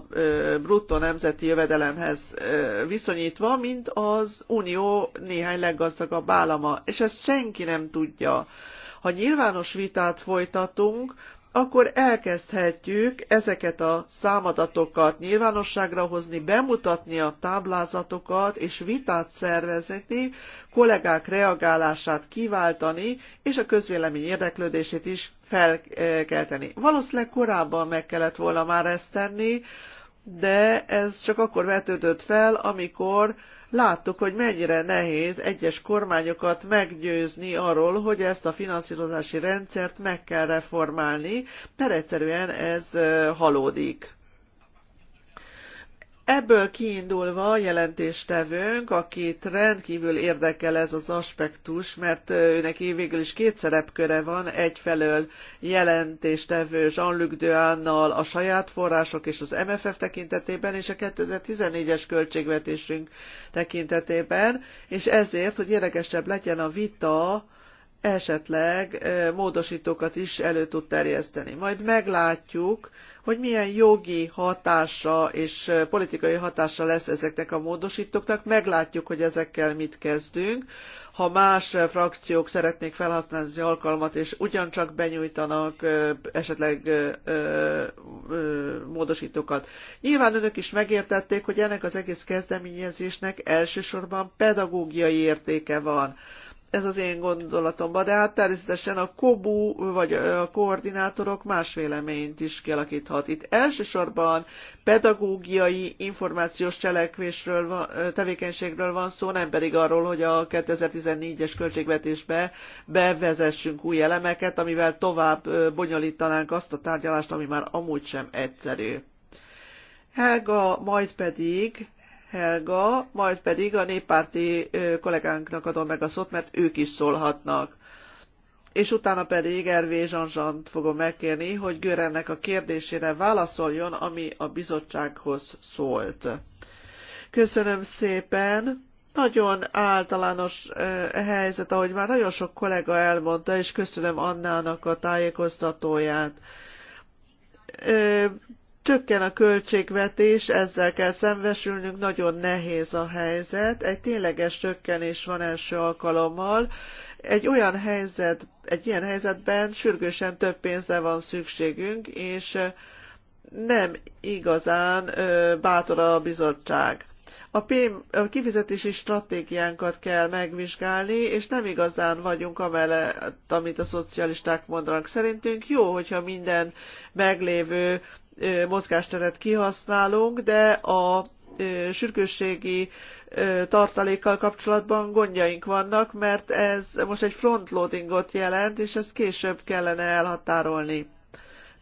bruttó nemzeti jövedelemhez viszonyítva, mint az Unió néhány leggazdagabb állama. És ezt senki nem tudja. Ha nyilvános vitát folytatunk, akkor elkezdhetjük ezeket a számadatokat nyilvánosságra hozni, bemutatni a táblázatokat és vitát szervezni, kollégák reagálását kiváltani, és a közvélemény érdeklődését is felkelteni. Valószínűleg korábban meg kellett volna már ezt tenni, de ez csak akkor vetődött fel, amikor láttuk, hogy mennyire nehéz egyes kormányokat meggyőzni arról, hogy ezt a finanszírozási rendszert meg kell reformálni, mert egyszerűen ez halódik. Ebből kiindulva a jelentéstevőnk, akit rendkívül érdekel ez az aspektus, mert neki végül is két szerepköre van, egyfelől jelentéstevő Jean-Luc Deannal a saját források és az MFF tekintetében, és a 2014-es költségvetésünk tekintetében, és ezért, hogy érdekesebb legyen a vita, esetleg módosítókat is elő tud terjeszteni. Majd meglátjuk, hogy milyen jogi hatása és politikai hatása lesz ezeknek a módosítóknak. Meglátjuk, hogy ezekkel mit kezdünk. Ha más frakciók szeretnék felhasználni az alkalmat, és ugyancsak benyújtanak esetleg módosítókat. Nyilván önök is megértették, hogy ennek az egész kezdeményezésnek elsősorban pedagógiai értéke van ez az én gondolatom, de hát természetesen a kobú vagy a koordinátorok más véleményt is kialakíthat. Itt elsősorban pedagógiai információs cselekvésről, tevékenységről van szó, nem pedig arról, hogy a 2014-es költségvetésbe bevezessünk új elemeket, amivel tovább bonyolítanánk azt a tárgyalást, ami már amúgy sem egyszerű. Helga majd pedig Helga, majd pedig a néppárti kollégánknak adom meg a szót, mert ők is szólhatnak. És utána pedig Ervé Zsanzsant fogom megkérni, hogy Görennek a kérdésére válaszoljon, ami a bizottsághoz szólt. Köszönöm szépen! Nagyon általános helyzet, ahogy már nagyon sok kollega elmondta, és köszönöm Annának a tájékoztatóját Csökken a költségvetés, ezzel kell szembesülnünk, nagyon nehéz a helyzet. Egy tényleges csökkenés van első alkalommal. Egy olyan helyzet, egy ilyen helyzetben sürgősen több pénzre van szükségünk, és nem igazán ö, bátor a bizottság. A, a kifizetési stratégiánkat kell megvizsgálni, és nem igazán vagyunk amellett, amit a szocialisták mondanak. Szerintünk jó, hogyha minden meglévő mozgásteret kihasználunk, de a sürgősségi tartalékkal kapcsolatban gondjaink vannak, mert ez most egy frontloadingot jelent, és ezt később kellene elhatárolni.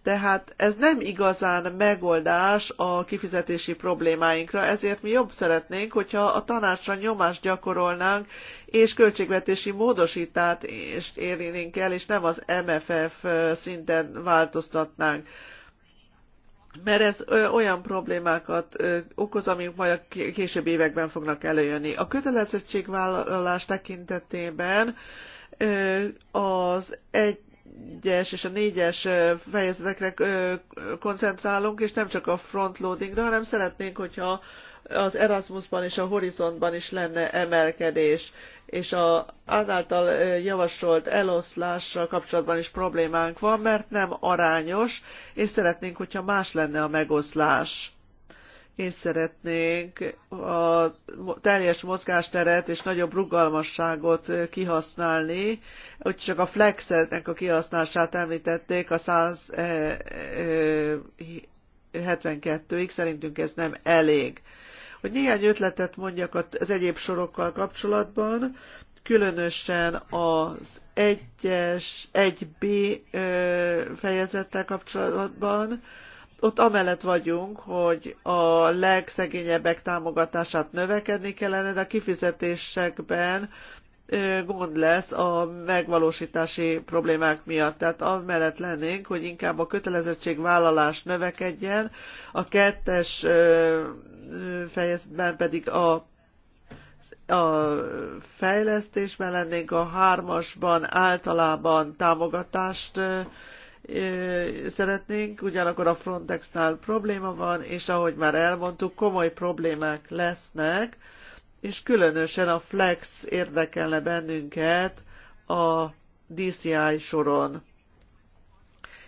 Tehát ez nem igazán megoldás a kifizetési problémáinkra, ezért mi jobb szeretnénk, hogyha a tanácsra nyomást gyakorolnánk, és költségvetési módosítást érnénk el, és nem az MFF szinten változtatnánk mert ez olyan problémákat okoz, amik majd a később években fognak előjönni. A kötelezettségvállalás tekintetében az egyes és a négyes fejezetekre koncentrálunk, és nem csak a frontloadingra, hanem szeretnénk, hogyha az Erasmusban és a Horizontban is lenne emelkedés, és a által javasolt eloszlással kapcsolatban is problémánk van, mert nem arányos, és szeretnénk, hogyha más lenne a megoszlás és szeretnénk a teljes mozgásteret és nagyobb rugalmasságot kihasználni. úgyhogy csak a flexetnek a kihasználását említették a 172-ig, szerintünk ez nem elég hogy néhány ötletet mondjak az egyéb sorokkal kapcsolatban, különösen az 1-es, 1B fejezettel kapcsolatban, ott amellett vagyunk, hogy a legszegényebbek támogatását növekedni kellene, de a kifizetésekben gond lesz a megvalósítási problémák miatt. Tehát amellett lennénk, hogy inkább a kötelezettségvállalás növekedjen, a kettes fejezetben pedig a a fejlesztésben lennénk, a hármasban általában támogatást szeretnénk, ugyanakkor a Frontexnál probléma van, és ahogy már elmondtuk, komoly problémák lesznek, és különösen a Flex érdekelne bennünket a DCI soron.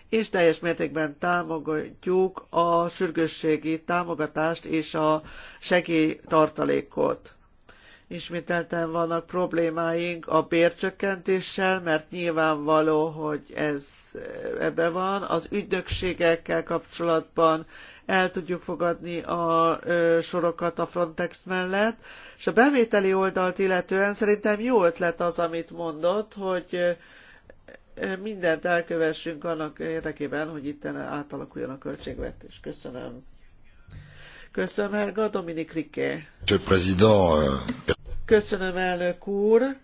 És teljes mértékben támogatjuk a sürgősségi támogatást és a segélytartalékot. Ismételten vannak problémáink a bércsökkentéssel, mert nyilvánvaló, hogy ez ebbe van. Az ügynökségekkel kapcsolatban el tudjuk fogadni a sorokat a Frontex mellett, és a bevételi oldalt illetően szerintem jó ötlet az, amit mondott, hogy mindent elkövessünk annak érdekében, hogy itt átalakuljon a költségvetés. Köszönöm. Köszönöm, Helga. Dominik Riké. Euh, Köszönöm, elnök úr.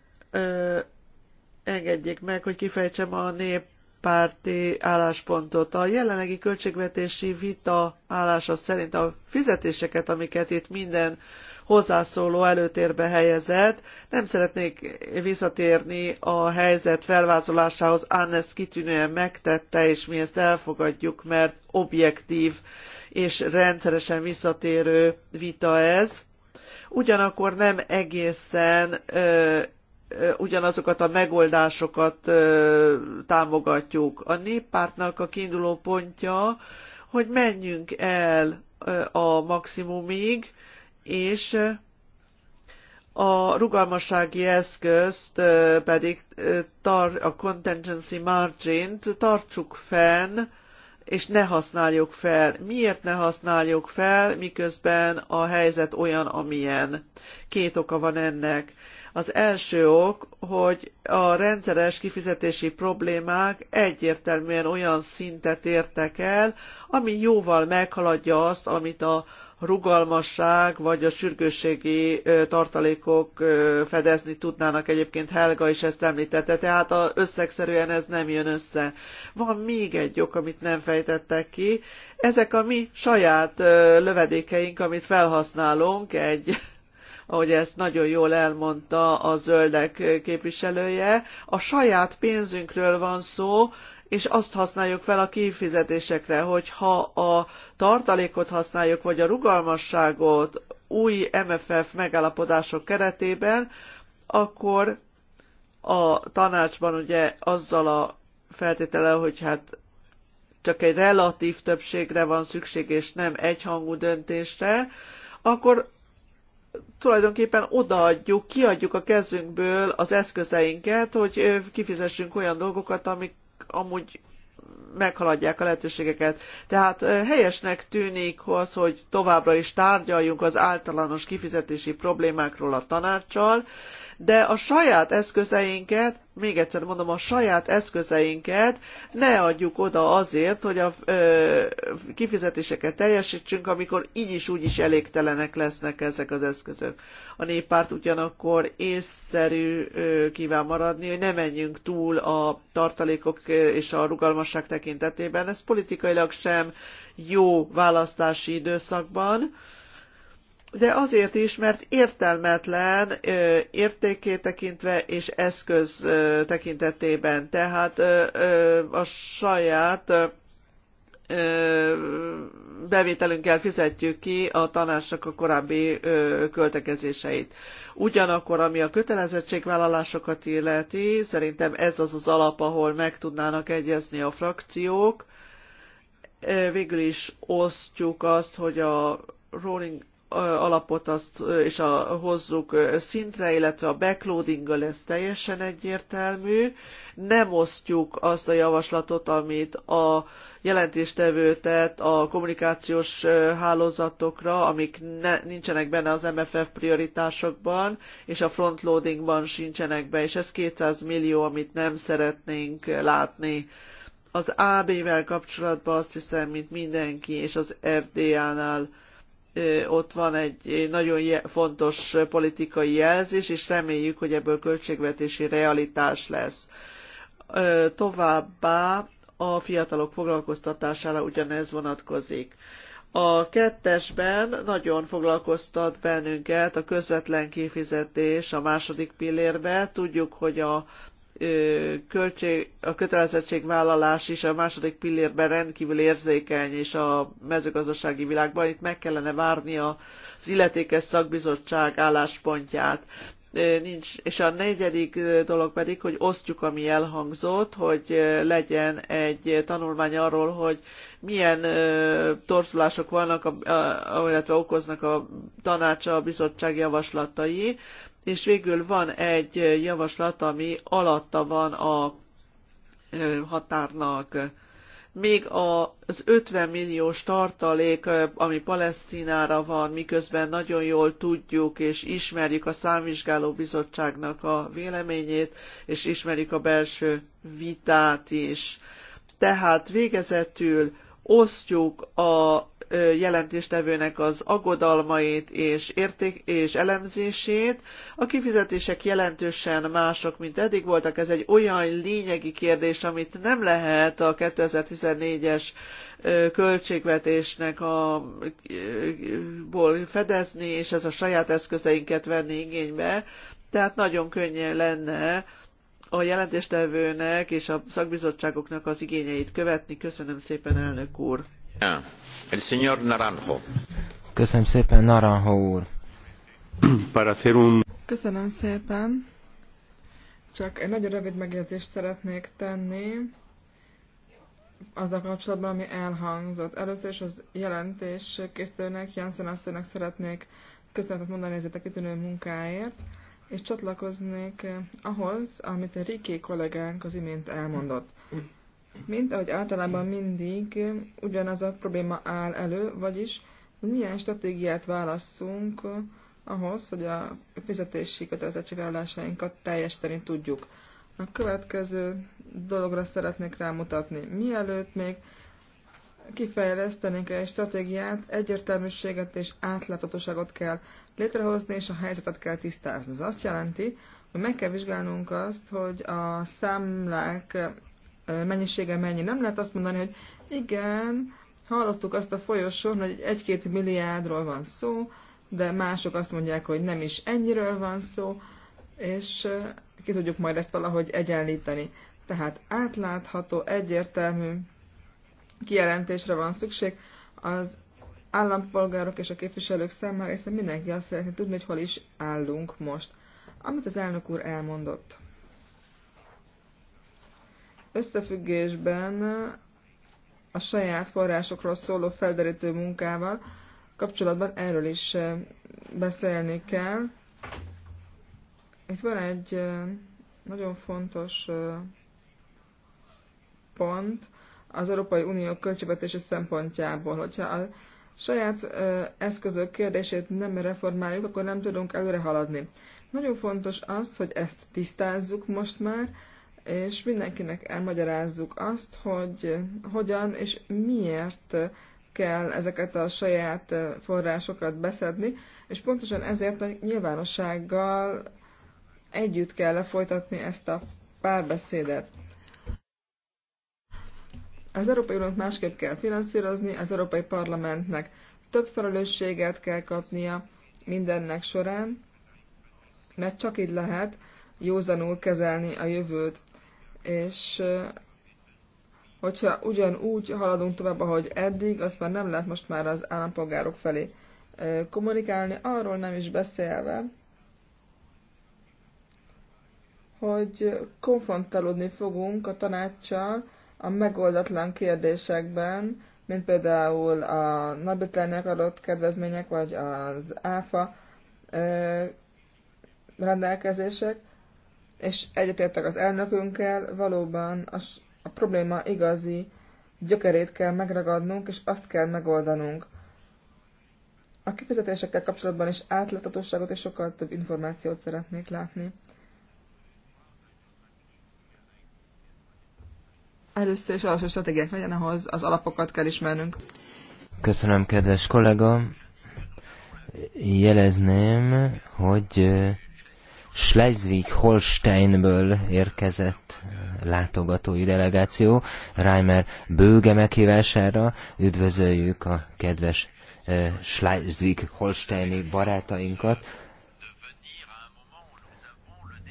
Engedjék meg, hogy kifejtsem a nép párti álláspontot. A jelenlegi költségvetési vita állása szerint a fizetéseket, amiket itt minden hozzászóló előtérbe helyezett, nem szeretnék visszatérni a helyzet felvázolásához, Annes ezt kitűnően megtette, és mi ezt elfogadjuk, mert objektív és rendszeresen visszatérő vita ez ugyanakkor nem egészen ö, ugyanazokat a megoldásokat támogatjuk. A néppártnak a kiinduló pontja, hogy menjünk el a maximumig, és a rugalmassági eszközt pedig a contingency margin-t tartsuk fenn, és ne használjuk fel. Miért ne használjuk fel, miközben a helyzet olyan, amilyen? Két oka van ennek. Az első ok, hogy a rendszeres kifizetési problémák egyértelműen olyan szintet értek el, ami jóval meghaladja azt, amit a rugalmasság vagy a sürgősségi tartalékok fedezni tudnának egyébként Helga is ezt említette, tehát összegszerűen ez nem jön össze. Van még egy ok, amit nem fejtettek ki, ezek a mi saját lövedékeink, amit felhasználunk egy ahogy ezt nagyon jól elmondta a zöldek képviselője. A saját pénzünkről van szó, és azt használjuk fel a kifizetésekre, hogyha a tartalékot használjuk, vagy a rugalmasságot új MFF megállapodások keretében, akkor a tanácsban ugye azzal a feltétele, hogy hát csak egy relatív többségre van szükség, és nem egyhangú döntésre, akkor tulajdonképpen odaadjuk, kiadjuk a kezünkből az eszközeinket, hogy kifizessünk olyan dolgokat, amik amúgy meghaladják a lehetőségeket. Tehát helyesnek tűnik az, hogy továbbra is tárgyaljunk az általános kifizetési problémákról a tanácssal, de a saját eszközeinket, még egyszer mondom, a saját eszközeinket ne adjuk oda azért, hogy a ö, kifizetéseket teljesítsünk, amikor így is úgy is elégtelenek lesznek ezek az eszközök. A néppárt ugyanakkor észszerű ö, kíván maradni, hogy ne menjünk túl a tartalékok és a rugalmasság tekintetében. Ez politikailag sem jó választási időszakban, de azért is, mert értelmetlen értéké tekintve és eszköz tekintetében. Tehát a saját bevételünkkel fizetjük ki a tanácsnak a korábbi költekezéseit. Ugyanakkor, ami a kötelezettségvállalásokat illeti, szerintem ez az az alap, ahol meg tudnának egyezni a frakciók. Végül is osztjuk azt, hogy a rolling alapot azt, és a, hozzuk szintre, illetve a backloadinggal ez teljesen egyértelmű. Nem osztjuk azt a javaslatot, amit a jelentéstevő tett a kommunikációs hálózatokra, amik ne, nincsenek benne az MFF prioritásokban, és a frontloadingban sincsenek be, és ez 200 millió, amit nem szeretnénk látni az AB-vel kapcsolatban azt hiszem, mint mindenki, és az FDA-nál ott van egy nagyon fontos politikai jelzés, és reméljük, hogy ebből költségvetési realitás lesz. Továbbá a fiatalok foglalkoztatására ugyanez vonatkozik. A kettesben nagyon foglalkoztat bennünket a közvetlen kifizetés a második pillérbe. Tudjuk, hogy a költség, a kötelezettségvállalás is a második pillérben rendkívül érzékeny, és a mezőgazdasági világban itt meg kellene várni az illetékes szakbizottság álláspontját. Nincs. És a negyedik dolog pedig, hogy osztjuk, ami elhangzott, hogy legyen egy tanulmány arról, hogy milyen torzulások vannak, illetve okoznak a tanácsa, a bizottság javaslatai, és végül van egy javaslat, ami alatta van a határnak. Még az 50 milliós tartalék, ami Palesztinára van, miközben nagyon jól tudjuk és ismerjük a számvizsgáló bizottságnak a véleményét, és ismerjük a belső vitát is. Tehát végezetül osztjuk a jelentéstevőnek az aggodalmait és, érték és elemzését. A kifizetések jelentősen mások, mint eddig voltak. Ez egy olyan lényegi kérdés, amit nem lehet a 2014-es költségvetésnek a, ból fedezni, és ez a saját eszközeinket venni igénybe. Tehát nagyon könnyen lenne a jelentéstevőnek és a szakbizottságoknak az igényeit követni. Köszönöm szépen, elnök úr. Ah, el señor Naranjo. Köszönöm szépen, Naranjo úr. Köszönöm szépen. Csak egy nagyon rövid megjegyzést szeretnék tenni azzal kapcsolatban, ami elhangzott. Először is az jelentés készítőnek, Janssen asszonynak szeretnék köszönetet mondani ezért a kitűnő munkáért és csatlakoznék eh, ahhoz, amit a Riké kollégánk az imént elmondott. Mint ahogy általában mindig ugyanaz a probléma áll elő, vagyis hogy milyen stratégiát válasszunk ahhoz, hogy a fizetési kötelezettségvállalásainkat teljesíteni tudjuk. A következő dologra szeretnék rámutatni. Mielőtt még kifejlesztenénk egy stratégiát, egyértelműséget és átláthatóságot kell létrehozni, és a helyzetet kell tisztázni. Ez azt jelenti, hogy meg kell vizsgálnunk azt, hogy a számlák mennyisége mennyi. Nem lehet azt mondani, hogy igen, hallottuk azt a folyosón, hogy egy-két milliárdról van szó, de mások azt mondják, hogy nem is ennyiről van szó, és ki tudjuk majd ezt valahogy egyenlíteni. Tehát átlátható, egyértelmű kijelentésre van szükség az állampolgárok és a képviselők számára, hiszen mindenki azt szeretné tudni, hogy hol is állunk most. Amit az elnök úr elmondott. Összefüggésben a saját forrásokról szóló felderítő munkával kapcsolatban erről is beszélni kell. Itt van egy nagyon fontos pont, az Európai Unió költségvetése szempontjából. Hogyha a saját eszközök kérdését nem reformáljuk, akkor nem tudunk előre haladni. Nagyon fontos az, hogy ezt tisztázzuk most már, és mindenkinek elmagyarázzuk azt, hogy hogyan és miért kell ezeket a saját forrásokat beszedni, és pontosan ezért a nyilvánossággal együtt kell lefolytatni ezt a párbeszédet. Az Európai Uniót másképp kell finanszírozni, az Európai Parlamentnek több felelősséget kell kapnia mindennek során, mert csak így lehet józanul kezelni a jövőt. És hogyha ugyanúgy haladunk tovább, ahogy eddig, azt már nem lehet most már az állampolgárok felé kommunikálni, arról nem is beszélve, hogy konfrontálódni fogunk a tanácssal, a megoldatlan kérdésekben, mint például a nagybetelnek adott kedvezmények, vagy az ÁFA rendelkezések, és egyetértek az elnökünkkel, valóban a, a probléma igazi gyökerét kell megragadnunk, és azt kell megoldanunk. A kifizetésekkel kapcsolatban is átláthatóságot és sokkal több információt szeretnék látni. először is alapos stratégiák legyen, ahhoz az alapokat kell ismernünk. Köszönöm, kedves kollega. Jelezném, hogy Schleswig-Holsteinből érkezett látogatói delegáció Reimer bőge meghívására. Üdvözöljük a kedves Schleswig-Holsteini barátainkat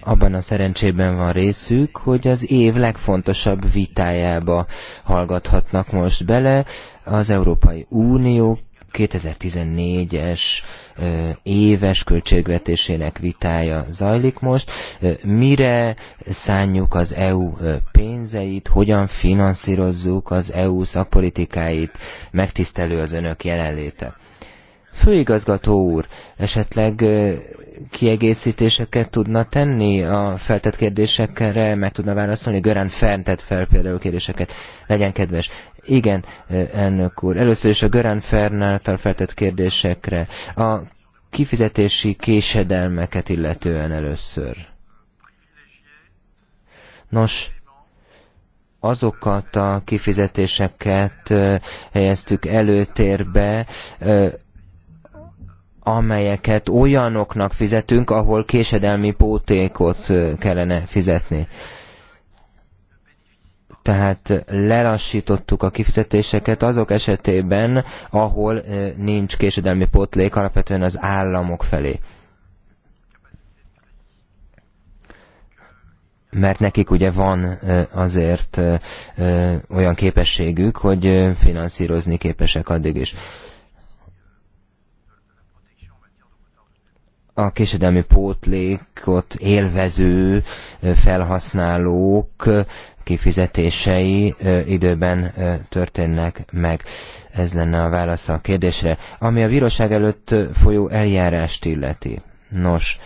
abban a szerencsében van részük, hogy az év legfontosabb vitájába hallgathatnak most bele az Európai Unió 2014-es éves költségvetésének vitája zajlik most. Mire szánjuk az EU pénzeit, hogyan finanszírozzuk az EU szakpolitikáit, megtisztelő az önök jelenléte. Főigazgató úr, esetleg kiegészítéseket tudna tenni a feltett kérdésekre, meg tudna válaszolni, Görán Fern tett fel például kérdéseket, legyen kedves. Igen, eh, elnök úr. Először is a Görán Fern által feltett kérdésekre. A kifizetési késedelmeket illetően először. Nos, azokat a kifizetéseket eh, helyeztük előtérbe, eh, amelyeket olyanoknak fizetünk, ahol késedelmi pótékot kellene fizetni. Tehát lelassítottuk a kifizetéseket azok esetében, ahol nincs késedelmi pótlék alapvetően az államok felé. mert nekik ugye van azért olyan képességük, hogy finanszírozni képesek addig is. a késedelmi pótlékot élvező felhasználók kifizetései időben történnek meg. Ez lenne a válasz a kérdésre. Ami a bíróság előtt folyó eljárást illeti. Nos,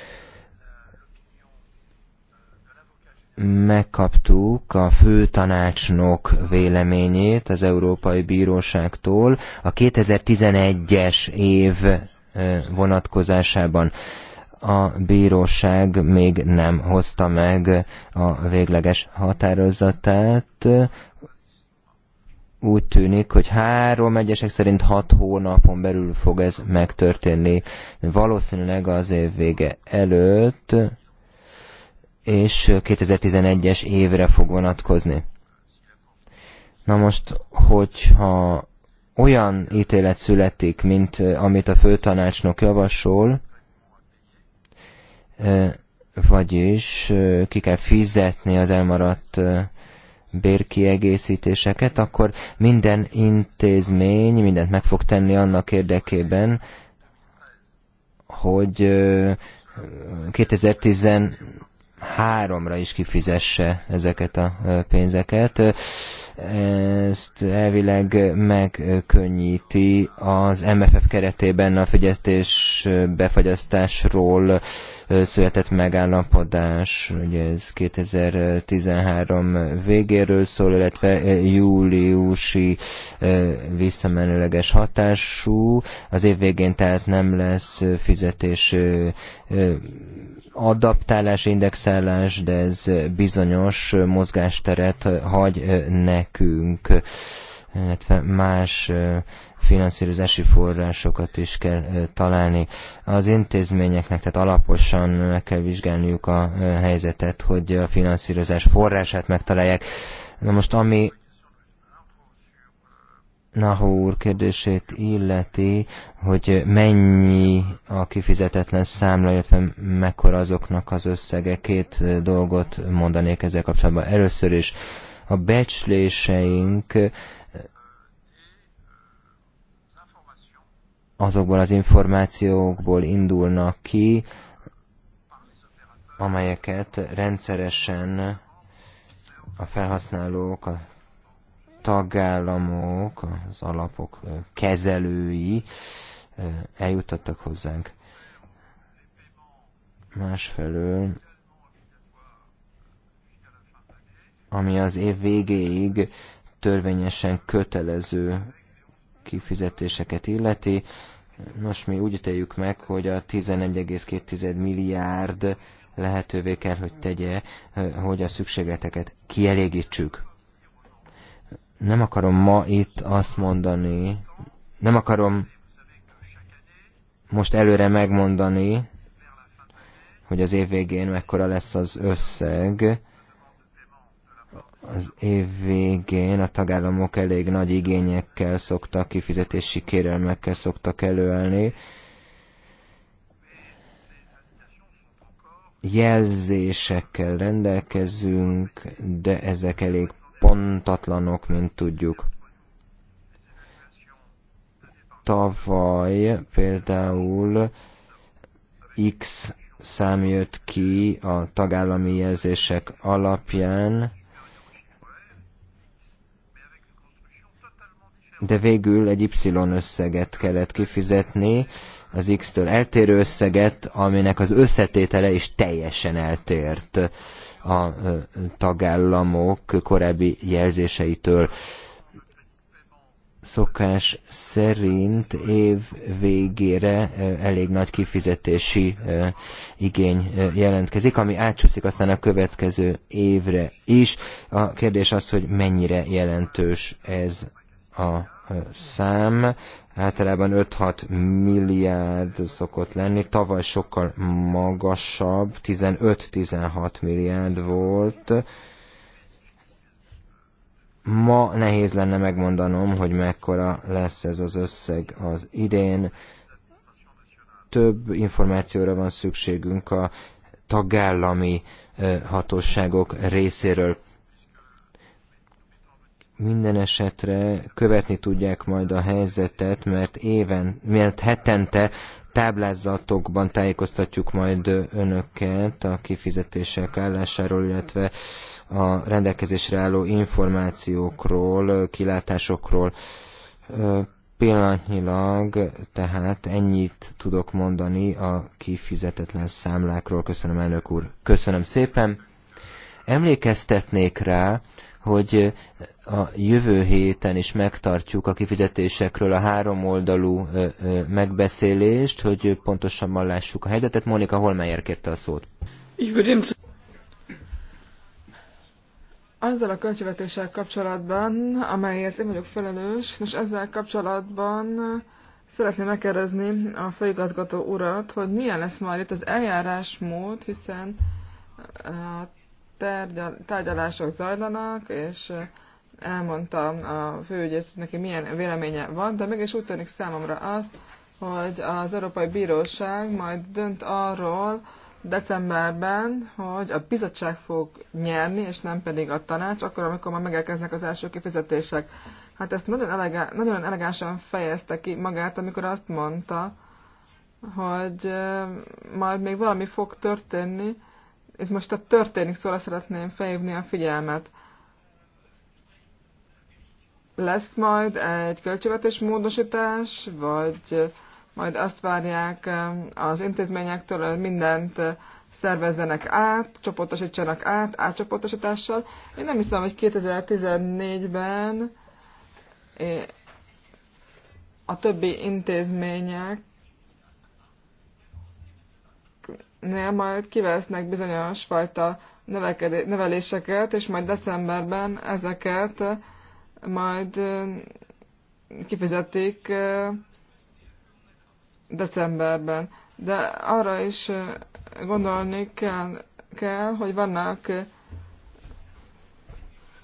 megkaptuk a főtanácsnok véleményét az Európai Bíróságtól a 2011-es év E, vonatkozásában a bíróság még nem hozta meg a végleges határozatát. Úgy tűnik, hogy három egyesek szerint hat hónapon belül fog ez megtörténni, valószínűleg az év vége előtt, és 2011-es évre fog vonatkozni. Na most, hogyha olyan ítélet születik, mint amit a főtanácsnok javasol, vagyis ki kell fizetni az elmaradt bérkiegészítéseket, akkor minden intézmény mindent meg fog tenni annak érdekében, hogy 2013-ra is kifizesse ezeket a pénzeket. Ezt elvileg megkönnyíti az MFF keretében a figyeltés befagyasztásról született megállapodás, ugye ez 2013 végéről szól, illetve júliusi visszamenőleges hatású. Az év végén tehát nem lesz fizetés adaptálás, indexálás, de ez bizonyos mozgásteret hagy nekünk illetve más finanszírozási forrásokat is kell találni. Az intézményeknek tehát alaposan meg kell vizsgálniuk a helyzetet, hogy a finanszírozás forrását megtalálják. Na most ami Nahó úr kérdését illeti, hogy mennyi a kifizetetlen számla, illetve mekkora azoknak az összege. Két dolgot mondanék ezzel kapcsolatban. Először is a becsléseink azokból az információkból indulnak ki, amelyeket rendszeresen a felhasználók, a tagállamok, az alapok kezelői eljutottak hozzánk. Másfelől, ami az év végéig törvényesen kötelező kifizetéseket illeti, Nos, mi úgy ítéljük meg, hogy a 11,2 milliárd lehetővé kell, hogy tegye, eh, hogy a szükségleteket kielégítsük. Nem akarom ma itt azt mondani, nem akarom most előre megmondani, hogy az év végén mekkora lesz az összeg, az év végén a tagállamok elég nagy igényekkel szoktak, kifizetési kérelmekkel szoktak előállni. Jelzésekkel rendelkezünk, de ezek elég pontatlanok, mint tudjuk. Tavaly például X szám jött ki a tagállami jelzések alapján, de végül egy Y összeget kellett kifizetni, az X-től eltérő összeget, aminek az összetétele is teljesen eltért a tagállamok korábbi jelzéseitől. Szokás szerint év végére elég nagy kifizetési igény jelentkezik, ami átsúszik aztán a következő évre is. A kérdés az, hogy mennyire jelentős ez a szám. Általában 5-6 milliárd szokott lenni, tavaly sokkal magasabb, 15-16 milliárd volt. Ma nehéz lenne megmondanom, hogy mekkora lesz ez az összeg az idén. Több információra van szükségünk a tagállami hatóságok részéről minden esetre követni tudják majd a helyzetet, mert éven, mert hetente táblázatokban tájékoztatjuk majd önöket a kifizetések állásáról, illetve a rendelkezésre álló információkról, kilátásokról. Pillanatnyilag tehát ennyit tudok mondani a kifizetetlen számlákról. Köszönöm, elnök úr. Köszönöm szépen. Emlékeztetnék rá, hogy a jövő héten is megtartjuk a kifizetésekről a három oldalú megbeszélést, hogy pontosabban lássuk a helyzetet. Mónika Holmeyer kérte a szót. Azzal a költségvetéssel kapcsolatban, amelyet én vagyok felelős, és ezzel kapcsolatban szeretném megkérdezni a főigazgató urat, hogy milyen lesz majd itt az eljárásmód, hiszen a tárgyalások zajlanak, és elmondta a főügyész, neki milyen véleménye van, de mégis úgy tűnik számomra az, hogy az Európai Bíróság majd dönt arról decemberben, hogy a bizottság fog nyerni, és nem pedig a tanács, akkor, amikor már megelkeznek az első kifizetések. Hát ezt nagyon, elegá- nagyon elegánsan fejezte ki magát, amikor azt mondta, hogy majd még valami fog történni. Itt most a történik szóra szeretném felhívni a figyelmet lesz majd egy költségvetés módosítás, vagy majd azt várják az intézményektől, hogy mindent eh, szervezzenek át, csoportosítsanak át, átcsoportosítással. Én nem hiszem, hogy 2014-ben a többi intézmények nél majd kivesznek bizonyos fajta növeléseket, és majd decemberben ezeket majd kifizették decemberben. De arra is gondolni kell, kell hogy vannak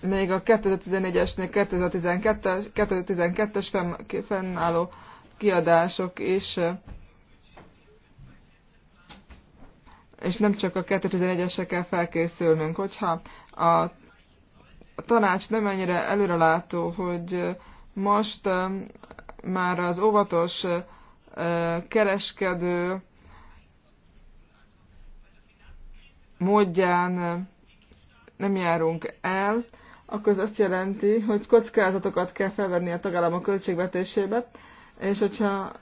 még a 2014-esnél 2012-es, 2012-es fennálló kiadások is, és nem csak a 2011-esekkel felkészülnünk. Hogyha a a tanács nem ennyire előrelátó, hogy most már az óvatos kereskedő módján nem járunk el, akkor ez azt jelenti, hogy kockázatokat kell felvenni a tagállamok költségvetésébe, és hogyha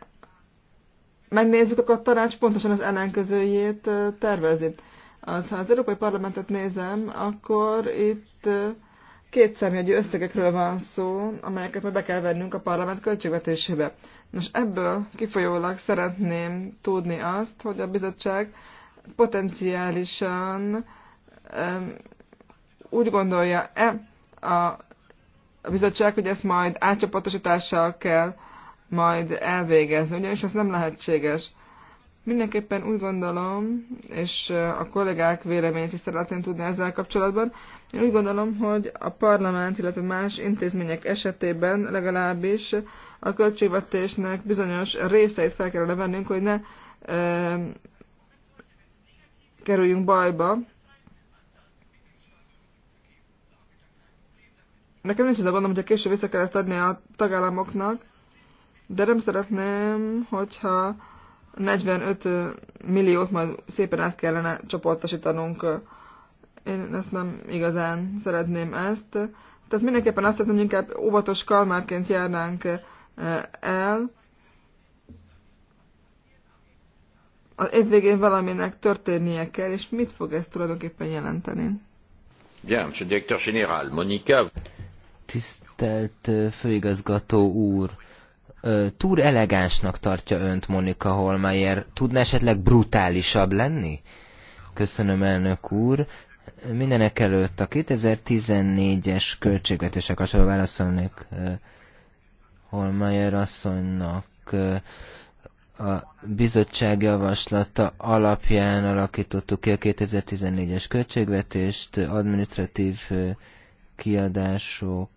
megnézzük, akkor a tanács pontosan az ellenkezőjét tervezi. Az, ha az Európai Parlamentet nézem, akkor itt két szemjegyű összegekről van szó, amelyeket meg be kell vennünk a parlament költségvetésébe. Nos, ebből kifolyólag szeretném tudni azt, hogy a bizottság potenciálisan um, úgy gondolja-e a a bizottság, hogy ezt majd átcsoportosítással kell majd elvégezni, ugyanis ez nem lehetséges. Mindenképpen úgy gondolom, és a kollégák véleményét is szeretném tudni ezzel kapcsolatban, én úgy gondolom, hogy a parlament, illetve más intézmények esetében legalábbis a költségvetésnek bizonyos részeit fel kellene vennünk, hogy ne e, kerüljünk bajba. Nekem nincs ez a gondom, a később vissza kell ezt adni a tagállamoknak, de nem szeretném, hogyha 45 milliót majd szépen át kellene csoportosítanunk én ezt nem igazán szeretném ezt. Tehát mindenképpen azt szeretném, hogy inkább óvatos kalmárként járnánk eh, el. Az év végén valaminek történnie kell, és mit fog ez tulajdonképpen jelenteni? Bien, monsieur directeur général, Monika. Tisztelt eh, főigazgató úr, eh, túl elegánsnak tartja önt Monika Holmeyer. Tudna esetleg brutálisabb lenni? Köszönöm, elnök úr. Mindenek előtt a 2014-es költségvetésre kapcsolatban válaszolnék Holmeyer asszonynak a bizottság javaslata alapján alakítottuk ki a 2014-es költségvetést, administratív kiadások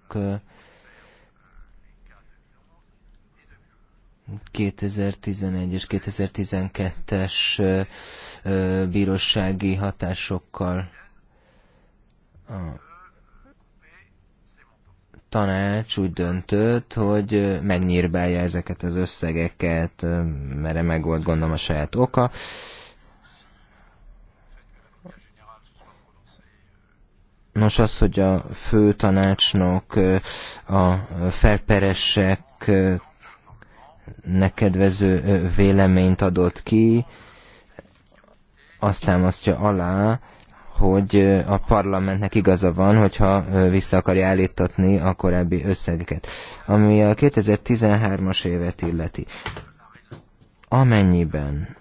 2011 és 2012-es bírósági hatásokkal a tanács úgy döntött, hogy megnyírbálja ezeket az összegeket, mert meg volt gondolom a saját oka. Nos, az, hogy a fő tanácsnok a felperesek nekedvező véleményt adott ki, azt támasztja alá, hogy a parlamentnek igaza van, hogyha vissza akarja állítatni a korábbi összegeket. Ami a 2013-as évet illeti. Amennyiben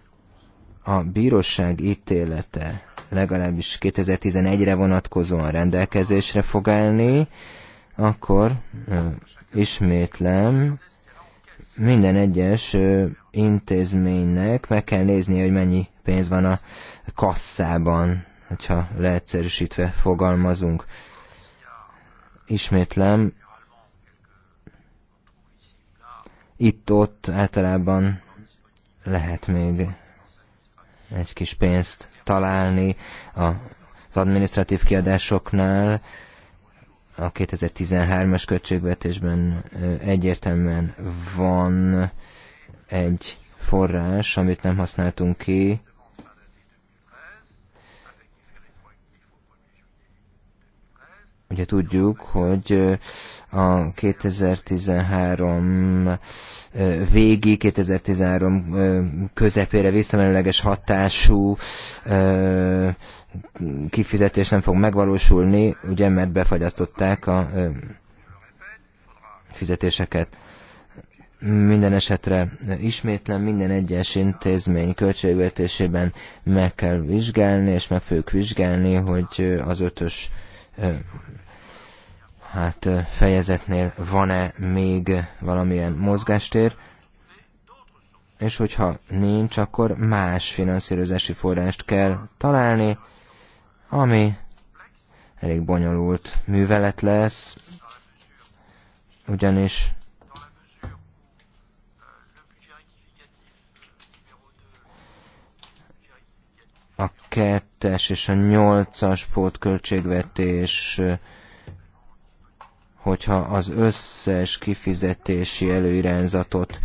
a bíróság ítélete legalábbis 2011-re vonatkozóan rendelkezésre fog állni, akkor ismétlem, minden egyes intézménynek meg kell nézni, hogy mennyi pénz van a kasszában hogyha leegyszerűsítve fogalmazunk. Ismétlem, itt-ott általában lehet még egy kis pénzt találni az adminisztratív kiadásoknál. A 2013-as költségvetésben egyértelműen van egy forrás, amit nem használtunk ki, Ugye tudjuk, hogy a 2013 végi, 2013 közepére visszamenőleges hatású kifizetés nem fog megvalósulni, ugye, mert befagyasztották a fizetéseket. Minden esetre ismétlen minden egyes intézmény költségvetésében meg kell vizsgálni, és meg fogjuk vizsgálni, hogy az ötös hát fejezetnél van-e még valamilyen mozgástér, és hogyha nincs, akkor más finanszírozási forrást kell találni, ami elég bonyolult művelet lesz, ugyanis a 2-es és a 8-as pótköltségvetés, hogyha az összes kifizetési előirányzatot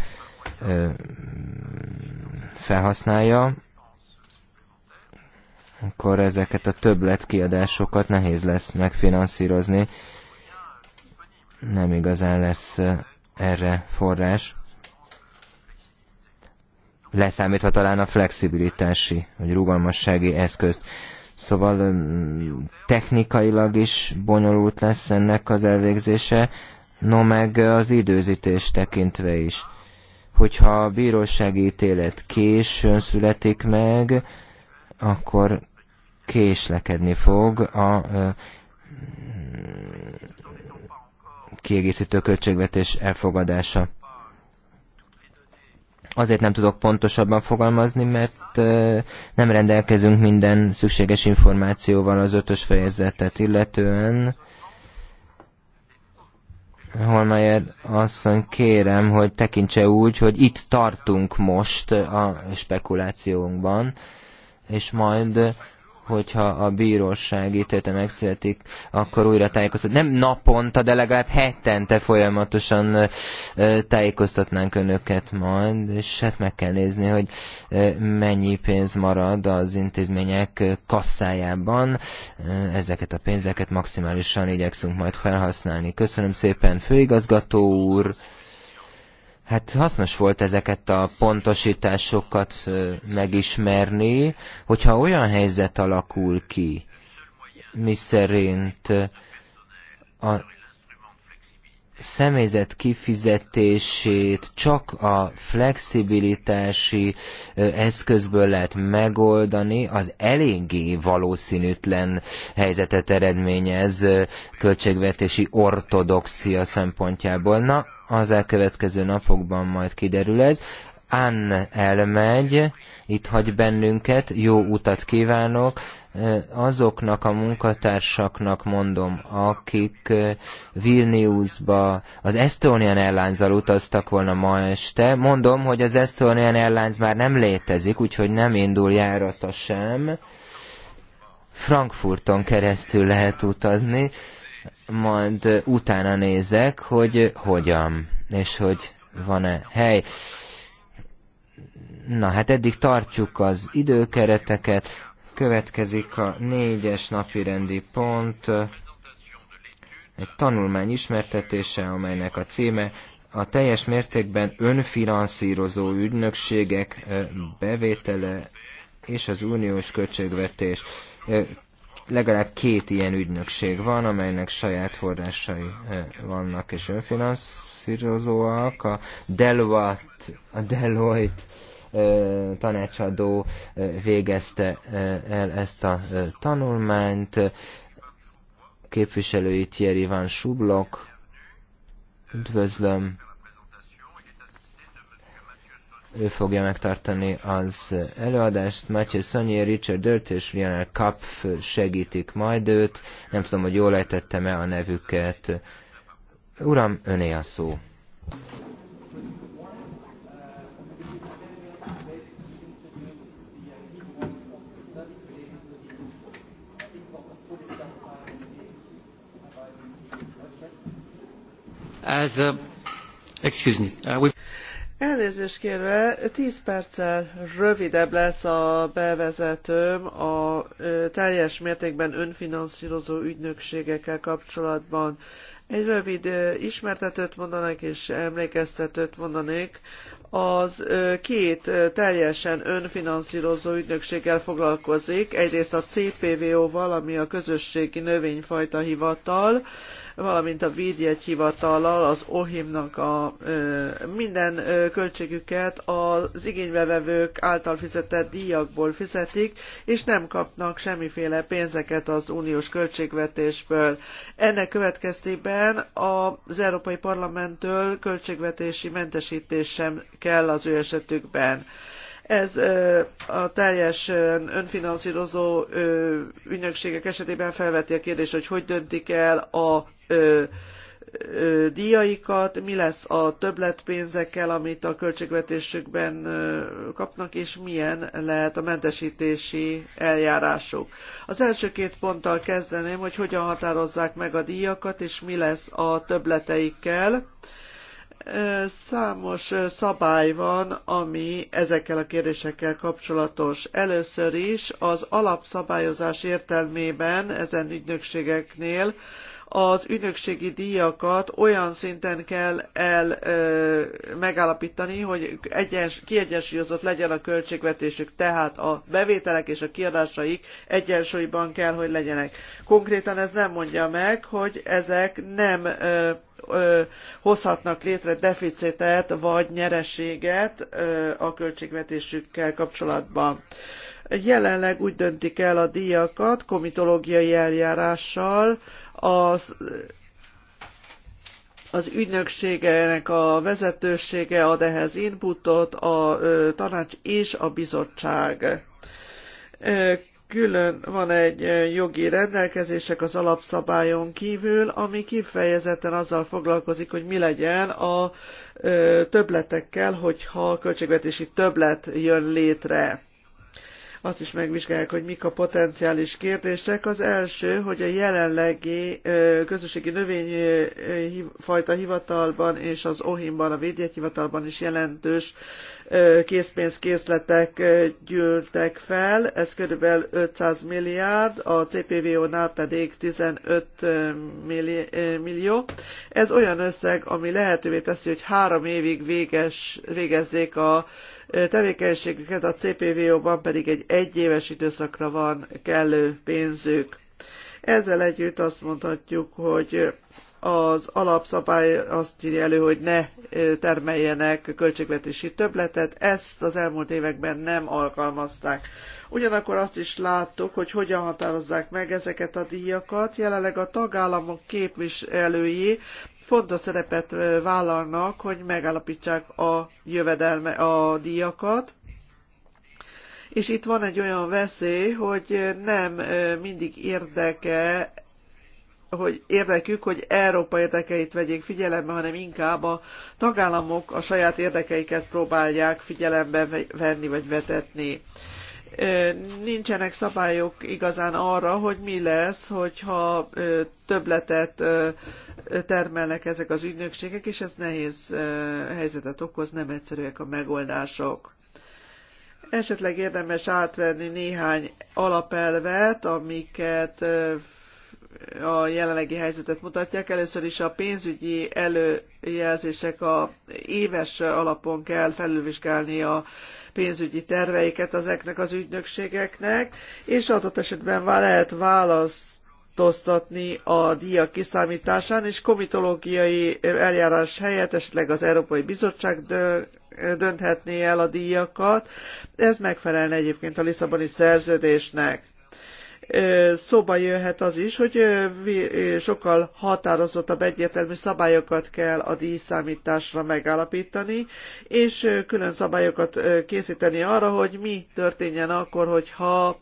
felhasználja, akkor ezeket a többletkiadásokat nehéz lesz megfinanszírozni. Nem igazán lesz erre forrás leszámítva talán a flexibilitási, vagy rugalmassági eszközt. Szóval technikailag is bonyolult lesz ennek az elvégzése, no meg az időzítés tekintve is. Hogyha a bírósági ítélet későn születik meg, akkor késlekedni fog a kiegészítő költségvetés elfogadása. Azért nem tudok pontosabban fogalmazni, mert nem rendelkezünk minden szükséges információval az ötös fejezetet illetően. Holmeyer asszony, kérem, hogy tekintse úgy, hogy itt tartunk most a spekulációnkban, és majd hogyha a bíróság ítélete megszületik, akkor újra tájékoztat. Nem naponta, de legalább hetente folyamatosan tájékoztatnánk önöket majd, és hát meg kell nézni, hogy mennyi pénz marad az intézmények kasszájában. Ezeket a pénzeket maximálisan igyekszünk majd felhasználni. Köszönöm szépen, főigazgató úr! Hát hasznos volt ezeket a pontosításokat megismerni, hogyha olyan helyzet alakul ki, miszerint a személyzet kifizetését csak a flexibilitási eszközből lehet megoldani, az eléggé valószínűtlen helyzetet eredményez költségvetési ortodoxia szempontjából. Na, az elkövetkező napokban majd kiderül ez. Ann elmegy, itt hagy bennünket, jó utat kívánok, azoknak a munkatársaknak mondom, akik Vilniusba az Estonian airlines utaztak volna ma este, mondom, hogy az Estonian Airlines már nem létezik, úgyhogy nem indul járata sem. Frankfurton keresztül lehet utazni, majd utána nézek, hogy hogyan, és hogy van-e hely. Na hát eddig tartjuk az időkereteket, Következik a négyes napi rendi pont, egy tanulmány ismertetése, amelynek a címe a teljes mértékben önfinanszírozó ügynökségek bevétele és az uniós költségvetés. Legalább két ilyen ügynökség van, amelynek saját forrásai vannak és önfinanszírozóak. A Deloitte, a Deloitte tanácsadó végezte el ezt a tanulmányt. Képviselői Thierry Van Sublok, üdvözlöm. Ő fogja megtartani az előadást. Mathieu Sonnyi, Richard Dirt és Lionel Kapf segítik majd őt. Nem tudom, hogy jól ejtettem-e a nevüket. Uram, öné a szó. Uh, uh, Elnézést kérve, 10 perccel rövidebb lesz a bevezetőm a teljes mértékben önfinanszírozó ügynökségekkel kapcsolatban. Egy rövid ismertetőt mondanék és emlékeztetőt mondanék az két teljesen önfinanszírozó ügynökséggel foglalkozik, egyrészt a CPVO-val, ami a Közösségi Növényfajta Hivatal, valamint a Védjegy Hivatallal, az OHIM-nak a minden költségüket az igénybevevők által fizetett díjakból fizetik, és nem kapnak semmiféle pénzeket az uniós költségvetésből. Ennek következtében az Európai Parlamenttől költségvetési mentesítés sem kell az ő esetükben. Ez a teljes önfinanszírozó ügynökségek esetében felveti a kérdést, hogy hogy döntik el a díjaikat, mi lesz a többletpénzekkel, amit a költségvetésükben kapnak, és milyen lehet a mentesítési eljárásuk. Az első két ponttal kezdeném, hogy hogyan határozzák meg a díjakat, és mi lesz a többleteikkel Számos szabály van, ami ezekkel a kérdésekkel kapcsolatos. Először is az alapszabályozás értelmében ezen ügynökségeknél az ügynökségi díjakat olyan szinten kell el ö, megállapítani, hogy egyens, kiegyensúlyozott legyen a költségvetésük, tehát a bevételek és a kiadásaik egyensúlyban kell, hogy legyenek. Konkrétan ez nem mondja meg, hogy ezek nem ö, ö, hozhatnak létre deficitet vagy nyereséget ö, a költségvetésükkel kapcsolatban. Ö, Jelenleg úgy döntik el a díjakat komitológiai eljárással, az az ügynökségenek a vezetősége ad ehhez inputot, a tanács és a bizottság. Külön van egy jogi rendelkezések az alapszabályon kívül, ami kifejezetten azzal foglalkozik, hogy mi legyen a többletekkel, hogyha a költségvetési többlet jön létre azt is megvizsgálják, hogy mik a potenciális kérdések. Az első, hogy a jelenlegi közösségi növényfajta hivatalban és az OHIM-ban, a védjegyhivatalban is jelentős készpénzkészletek gyűltek fel, ez körülbelül 500 milliárd, a CPVO-nál pedig 15 millió. Ez olyan összeg, ami lehetővé teszi, hogy három évig véges, végezzék a tevékenységüket, a CPVO-ban pedig egy egyéves időszakra van kellő pénzük. Ezzel együtt azt mondhatjuk, hogy az alapszabály azt írja elő, hogy ne termeljenek költségvetési többletet, ezt az elmúlt években nem alkalmazták. Ugyanakkor azt is láttuk, hogy hogyan határozzák meg ezeket a díjakat. Jelenleg a tagállamok képviselői fontos szerepet vállalnak, hogy megállapítsák a jövedelme, a díjakat, és itt van egy olyan veszély, hogy nem mindig érdeke, hogy érdekük, hogy Európa érdekeit vegyék figyelembe, hanem inkább a tagállamok a saját érdekeiket próbálják figyelembe venni vagy vetetni nincsenek szabályok igazán arra, hogy mi lesz, hogyha többletet termelnek ezek az ügynökségek, és ez nehéz helyzetet okoz, nem egyszerűek a megoldások. Esetleg érdemes átvenni néhány alapelvet, amiket a jelenlegi helyzetet mutatják. Először is a pénzügyi előjelzések a éves alapon kell felülvizsgálni a pénzügyi terveiket ezeknek az ügynökségeknek, és adott esetben lehet választ változtatni a díjak kiszámításán, és komitológiai eljárás helyett esetleg az Európai Bizottság dönthetné el a díjakat. Ez megfelelne egyébként a Lisszaboni szerződésnek szóba jöhet az is, hogy sokkal határozottabb egyértelmű szabályokat kell a díjszámításra megállapítani, és külön szabályokat készíteni arra, hogy mi történjen akkor, hogyha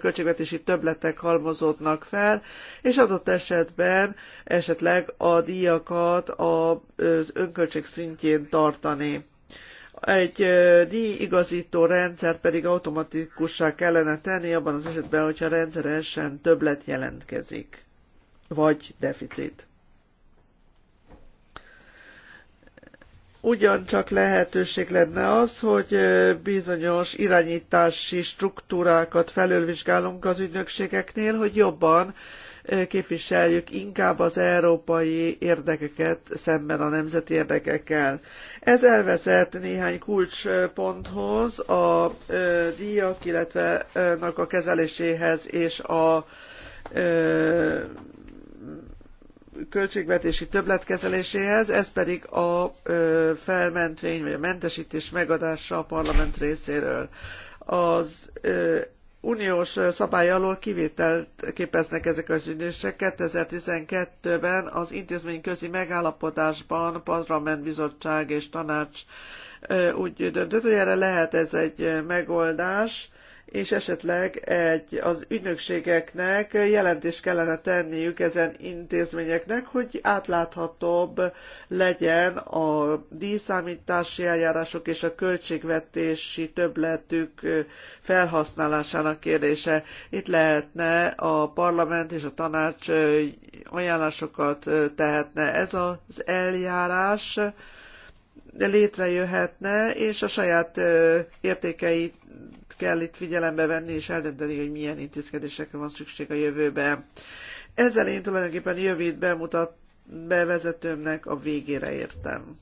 költségvetési többletek halmozódnak fel, és adott esetben esetleg a díjakat az önköltség szintjén tartani egy díjigazító rendszer pedig automatikussá kellene tenni abban az esetben, hogyha rendszeresen többlet jelentkezik, vagy deficit. Ugyancsak lehetőség lenne az, hogy bizonyos irányítási struktúrákat felülvizsgálunk az ügynökségeknél, hogy jobban képviseljük inkább az európai érdekeket szemben a nemzeti érdekekkel. Ez elvezet néhány kulcsponthoz, a díjak, illetve a kezeléséhez és a költségvetési többletkezeléséhez, ez pedig a felmentvény vagy a mentesítés megadása a parlament részéről. Az uniós szabály alól kivételt képeznek ezek az ügynösek. 2012-ben az intézményközi megállapodásban parlament, bizottság és tanács úgy döntött, hogy erre lehet ez egy megoldás és esetleg egy, az ügynökségeknek jelentést kellene tenniük ezen intézményeknek, hogy átláthatóbb legyen a díjszámítási eljárások és a költségvetési többletük felhasználásának kérdése. Itt lehetne a parlament és a tanács ajánlásokat tehetne ez az eljárás, létrejöhetne, és a saját értékeit kell itt figyelembe venni és eldönteni, hogy milyen intézkedésekre van szükség a jövőben. Ezzel én tulajdonképpen jövőt bemutat bevezetőmnek a végére értem.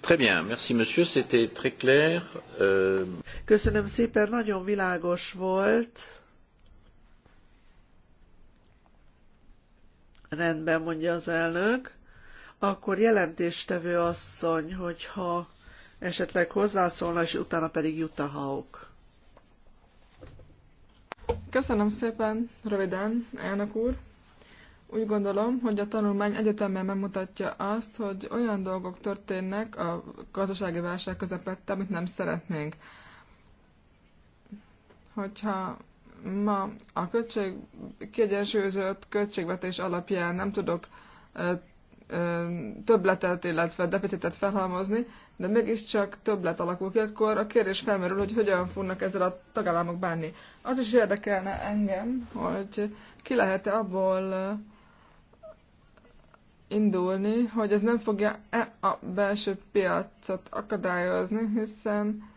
Très bien, merci monsieur, c'était très clair. Euh... Köszönöm szépen, nagyon világos volt. Rendben, mondja az elnök. Akkor jelentéstevő asszony, hogyha esetleg hozzászólna, és utána pedig a Hauk. Köszönöm szépen, röviden, elnök úr. Úgy gondolom, hogy a tanulmány egyetemben megmutatja azt, hogy olyan dolgok történnek a gazdasági válság közepette, amit nem szeretnénk. Hogyha ma a költség, kiegyensúlyozott költségvetés alapján nem tudok ö, ö, többletet, illetve deficitet felhalmozni, de mégiscsak többlet alakul ki, akkor a kérdés felmerül, hogy hogyan fognak ezzel a tagállamok bánni. Az is érdekelne engem, hogy ki lehet-e abból uh, indulni, hogy ez nem fogja -e a belső piacot akadályozni, hiszen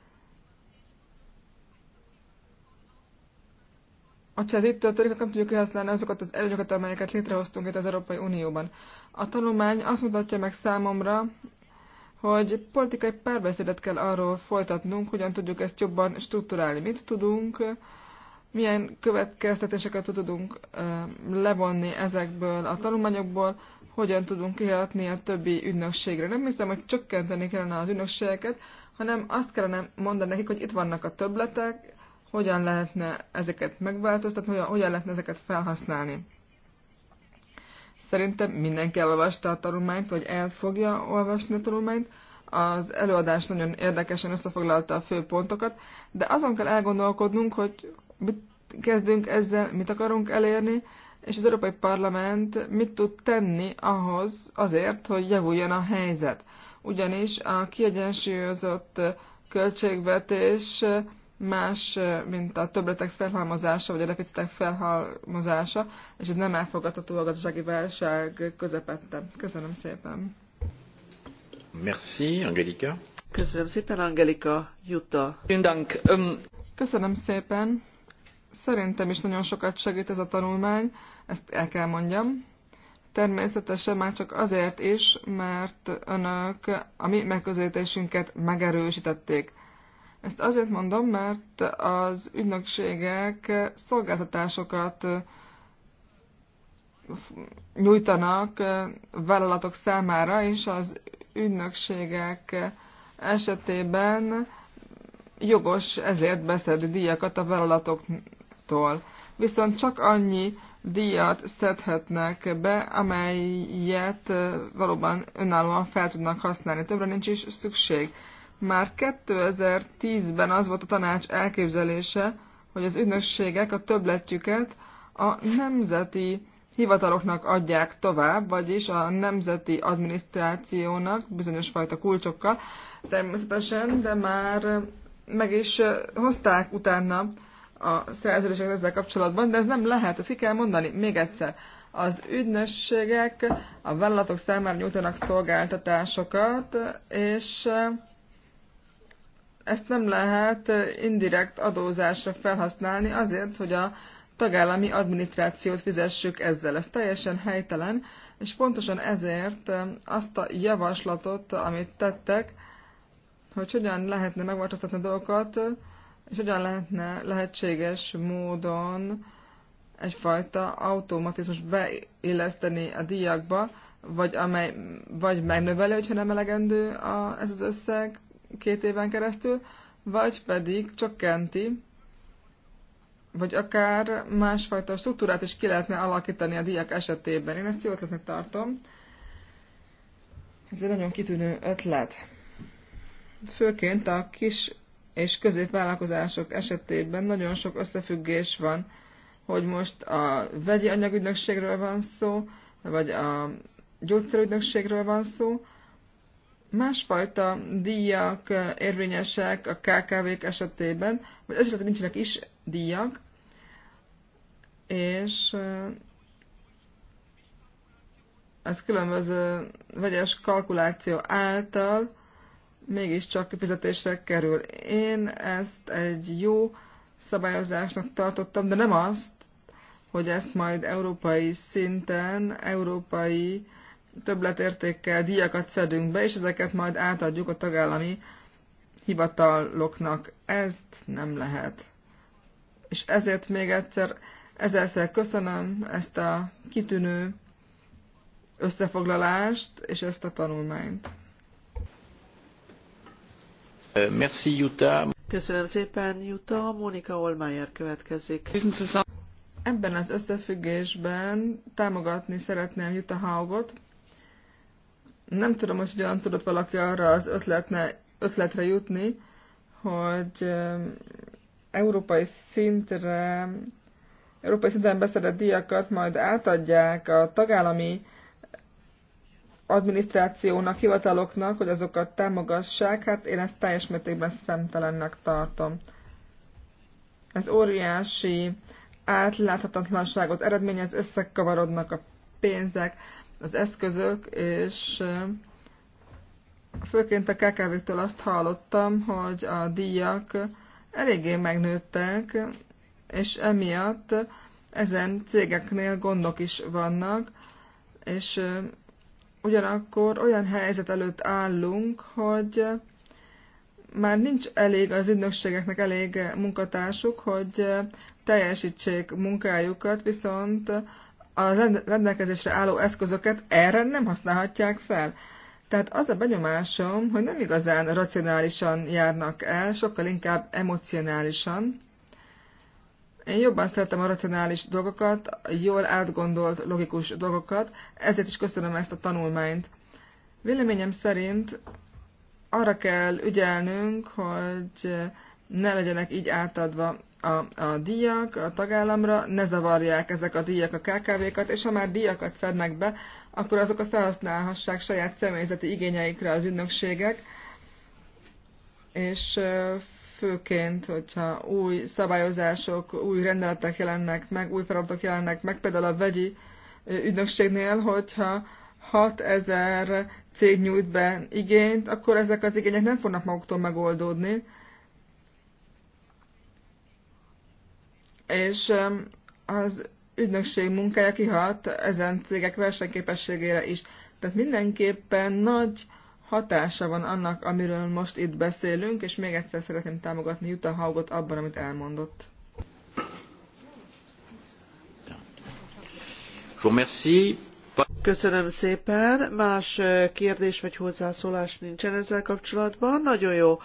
hogyha ez itt történik, akkor nem tudjuk kihasználni azokat az előnyöket, amelyeket létrehoztunk itt az Európai Unióban. A tanulmány azt mutatja meg számomra, hogy politikai párbeszédet kell arról folytatnunk, hogyan tudjuk ezt jobban strukturálni. Mit tudunk, milyen következtetéseket tudunk levonni ezekből a tanulmányokból, hogyan tudunk kihatni a többi ügynökségre. Nem hiszem, hogy csökkenteni kellene az ügynökségeket, hanem azt kellene mondani nekik, hogy itt vannak a töbletek, hogyan lehetne ezeket megváltoztatni, hogyan lehetne ezeket felhasználni. Szerintem mindenki elolvasta a tanulmányt, vagy el fogja olvasni a tanulmányt. Az előadás nagyon érdekesen összefoglalta a fő pontokat, de azon kell elgondolkodnunk, hogy mit kezdünk ezzel, mit akarunk elérni, és az Európai Parlament mit tud tenni ahhoz, azért, hogy javuljon a helyzet. Ugyanis a kiegyensúlyozott költségvetés más, mint a többletek felhalmozása, vagy a deficitek felhalmozása, és ez nem elfogadható a gazdasági válság közepette. Köszönöm szépen. Merci, Angelika. Köszönöm szépen, Angelika Jutta. Ähm, Köszönöm szépen. Szerintem is nagyon sokat segít ez a tanulmány, ezt el kell mondjam. Természetesen már csak azért is, mert önök a mi megközelítésünket megerősítették. Ezt azért mondom, mert az ügynökségek szolgáltatásokat nyújtanak vállalatok számára, és az ügynökségek esetében jogos ezért beszedni díjakat a vállalatoktól. Viszont csak annyi díjat szedhetnek be, amelyet valóban önállóan fel tudnak használni. Többre nincs is szükség. Már 2010-ben az volt a tanács elképzelése, hogy az ügynökségek a többletjüket a nemzeti hivataloknak adják tovább, vagyis a nemzeti adminisztrációnak bizonyos fajta kulcsokkal, természetesen, de már meg is hozták utána a szerződéseket ezzel kapcsolatban, de ez nem lehet, ezt ki kell mondani. Még egyszer, az ügynösségek a vállalatok számára nyújtanak szolgáltatásokat, és ezt nem lehet indirekt adózásra felhasználni azért, hogy a tagállami adminisztrációt fizessük ezzel. Ez teljesen helytelen, és pontosan ezért azt a javaslatot, amit tettek, hogy hogyan lehetne megváltoztatni a dolgokat, és hogyan lehetne lehetséges módon egyfajta automatizmus beilleszteni a díjakba, vagy, amely, vagy megnöveli, hogyha nem elegendő a, ez az összeg, két éven keresztül, vagy pedig csökkenti, vagy akár másfajta struktúrát is ki lehetne alakítani a diák esetében. Én ezt jó ötletnek tartom. Ez egy nagyon kitűnő ötlet. Főként a kis és középvállalkozások esetében nagyon sok összefüggés van, hogy most a vegyi anyagügynökségről van szó, vagy a gyógyszerügynökségről van szó, másfajta díjak érvényesek a KKV-k esetében, vagy az hogy nincsenek is díjak, és ez különböző vegyes kalkuláció által mégiscsak kifizetésre kerül. Én ezt egy jó szabályozásnak tartottam, de nem azt, hogy ezt majd európai szinten, európai uh, többletértékkel díjakat szedünk be, és ezeket majd átadjuk a tagállami hivataloknak. Ezt nem lehet. És ezért még egyszer, ezerszer köszönöm ezt a kitűnő összefoglalást és ezt a tanulmányt. Merci, Jutta. Köszönöm szépen, Jutta. Monika Olmeyer következik. Ebben az összefüggésben támogatni szeretném Jutta Haugot, nem tudom, hogy hogyan tudott valaki arra az ötletne, ötletre jutni, hogy európai szintre, európai szinten beszedett díjakat majd átadják a tagállami adminisztrációnak, hivataloknak, hogy azokat támogassák, hát én ezt teljes mértékben szemtelennek tartom. Ez óriási átláthatatlanságot eredményez, összekavarodnak a pénzek, az eszközök, és főként a KKV-től azt hallottam, hogy a díjak eléggé megnőttek, és emiatt ezen cégeknél gondok is vannak, és ugyanakkor olyan helyzet előtt állunk, hogy már nincs elég az ügynökségeknek elég munkatársuk, hogy teljesítsék munkájukat, viszont a rendelkezésre álló eszközöket erre nem használhatják fel. Tehát az a benyomásom, hogy nem igazán racionálisan járnak el, sokkal inkább emocionálisan. Én jobban szeretem a racionális dolgokat, jól átgondolt, logikus dolgokat, ezért is köszönöm ezt a tanulmányt. Véleményem szerint arra kell ügyelnünk, hogy ne legyenek így átadva a, a díjak a tagállamra, ne zavarják ezek a díjak a KKV-kat, és ha már díjakat szednek be, akkor azokat felhasználhassák saját személyzeti igényeikre az ügynökségek, és főként, hogyha új szabályozások, új rendeletek jelennek meg, új feladatok jelennek meg, például a vegyi ügynökségnél, hogyha 6000 cég nyújt be igényt, akkor ezek az igények nem fognak maguktól megoldódni, és az ügynökség munkája kihat ezen cégek versenyképességére is. Tehát mindenképpen nagy hatása van annak, amiről most itt beszélünk, és még egyszer szeretném támogatni Jutta Haugot abban, amit elmondott. Köszönöm szépen. Más kérdés vagy hozzászólás nincsen ezzel kapcsolatban. Nagyon jó.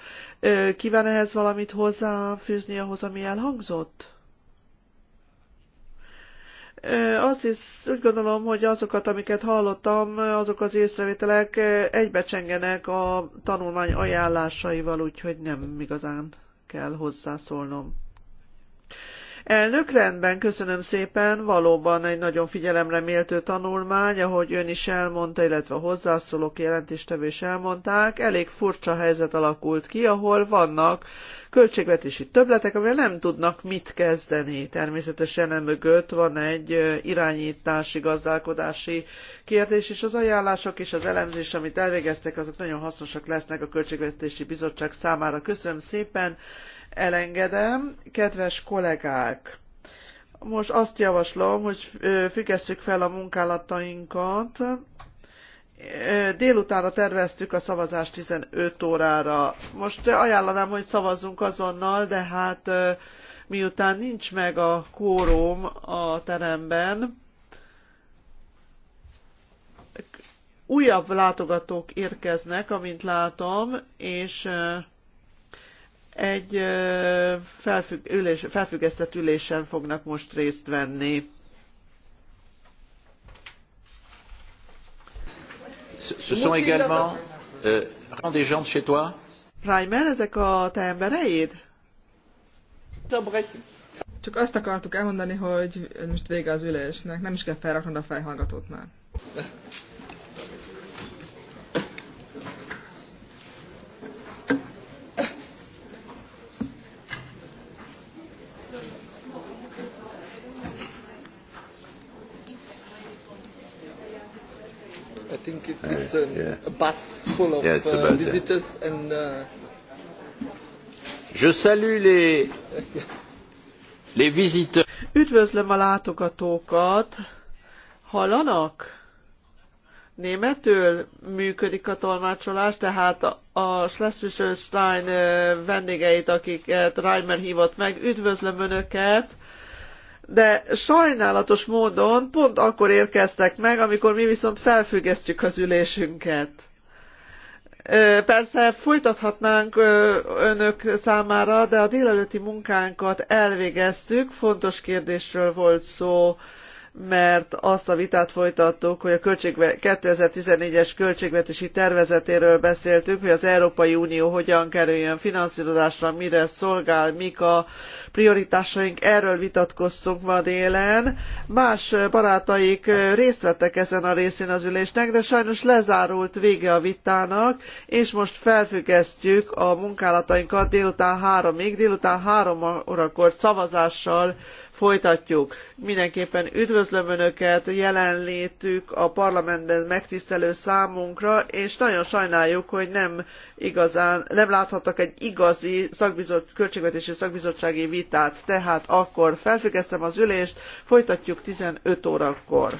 Kíván ehhez valamit hozzáfűzni ahhoz, ami elhangzott? azt is úgy gondolom, hogy azokat, amiket hallottam, azok az észrevételek egybecsengenek a tanulmány ajánlásaival, úgyhogy nem igazán kell hozzászólnom. Elnök, rendben, köszönöm szépen. Valóban egy nagyon figyelemre méltó tanulmány, ahogy ön is elmondta, illetve a hozzászólók jelentéstevő is elmondták. Elég furcsa helyzet alakult ki, ahol vannak költségvetési töbletek, amivel nem tudnak mit kezdeni. Természetesen emögött van egy irányítási, gazdálkodási kérdés, és az ajánlások és az elemzés, amit elvégeztek, azok nagyon hasznosak lesznek a Költségvetési Bizottság számára. Köszönöm szépen, elengedem. Kedves kollégák! Most azt javaslom, hogy függesszük fel a munkálatainkat, Délutánra terveztük a szavazást 15 órára. Most ajánlanám, hogy szavazzunk azonnal, de hát miután nincs meg a kórum a teremben, újabb látogatók érkeznek, amint látom, és egy felfügg, ülés, felfüggesztett ülésen fognak most részt venni. Ce sont également euh, des gens de chez toi Reimer, ezek a te embereid? Csak azt akartuk elmondani, hogy most vége az ülésnek, nem is kell felraknod a fejhallgatót már. It's, it's a, yeah. a bus full of yeah, uh, bus, visitors yeah. and. Uh, Je salue les, les visiteurs. Üdvözlöm a látogatókat. Hallanak? Németül működik a tolmácsolás, tehát a Schleswig-Holstein uh, vendégeit, akiket Reimer hívott meg, üdvözlöm Önöket de sajnálatos módon pont akkor érkeztek meg, amikor mi viszont felfüggesztjük az ülésünket. Persze folytathatnánk önök számára, de a délelőtti munkánkat elvégeztük, fontos kérdésről volt szó, mert azt a vitát folytattuk, hogy a 2014-es költségvetési tervezetéről beszéltünk, hogy az Európai Unió hogyan kerüljön finanszírozásra, mire szolgál, mik a prioritásaink, erről vitatkoztunk ma délen. Más barátaik részt vettek ezen a részén az ülésnek, de sajnos lezárult vége a vitának, és most felfüggesztjük a munkálatainkat délután háromig, délután három órakor szavazással folytatjuk. Mindenképpen üdvözlöm Önöket, jelenlétük a parlamentben megtisztelő számunkra, és nagyon sajnáljuk, hogy nem igazán, nem láthattak egy igazi szakbizott, költségvetési szakbizottsági vitát. Tehát akkor felfüggesztem az ülést, folytatjuk 15 órakor.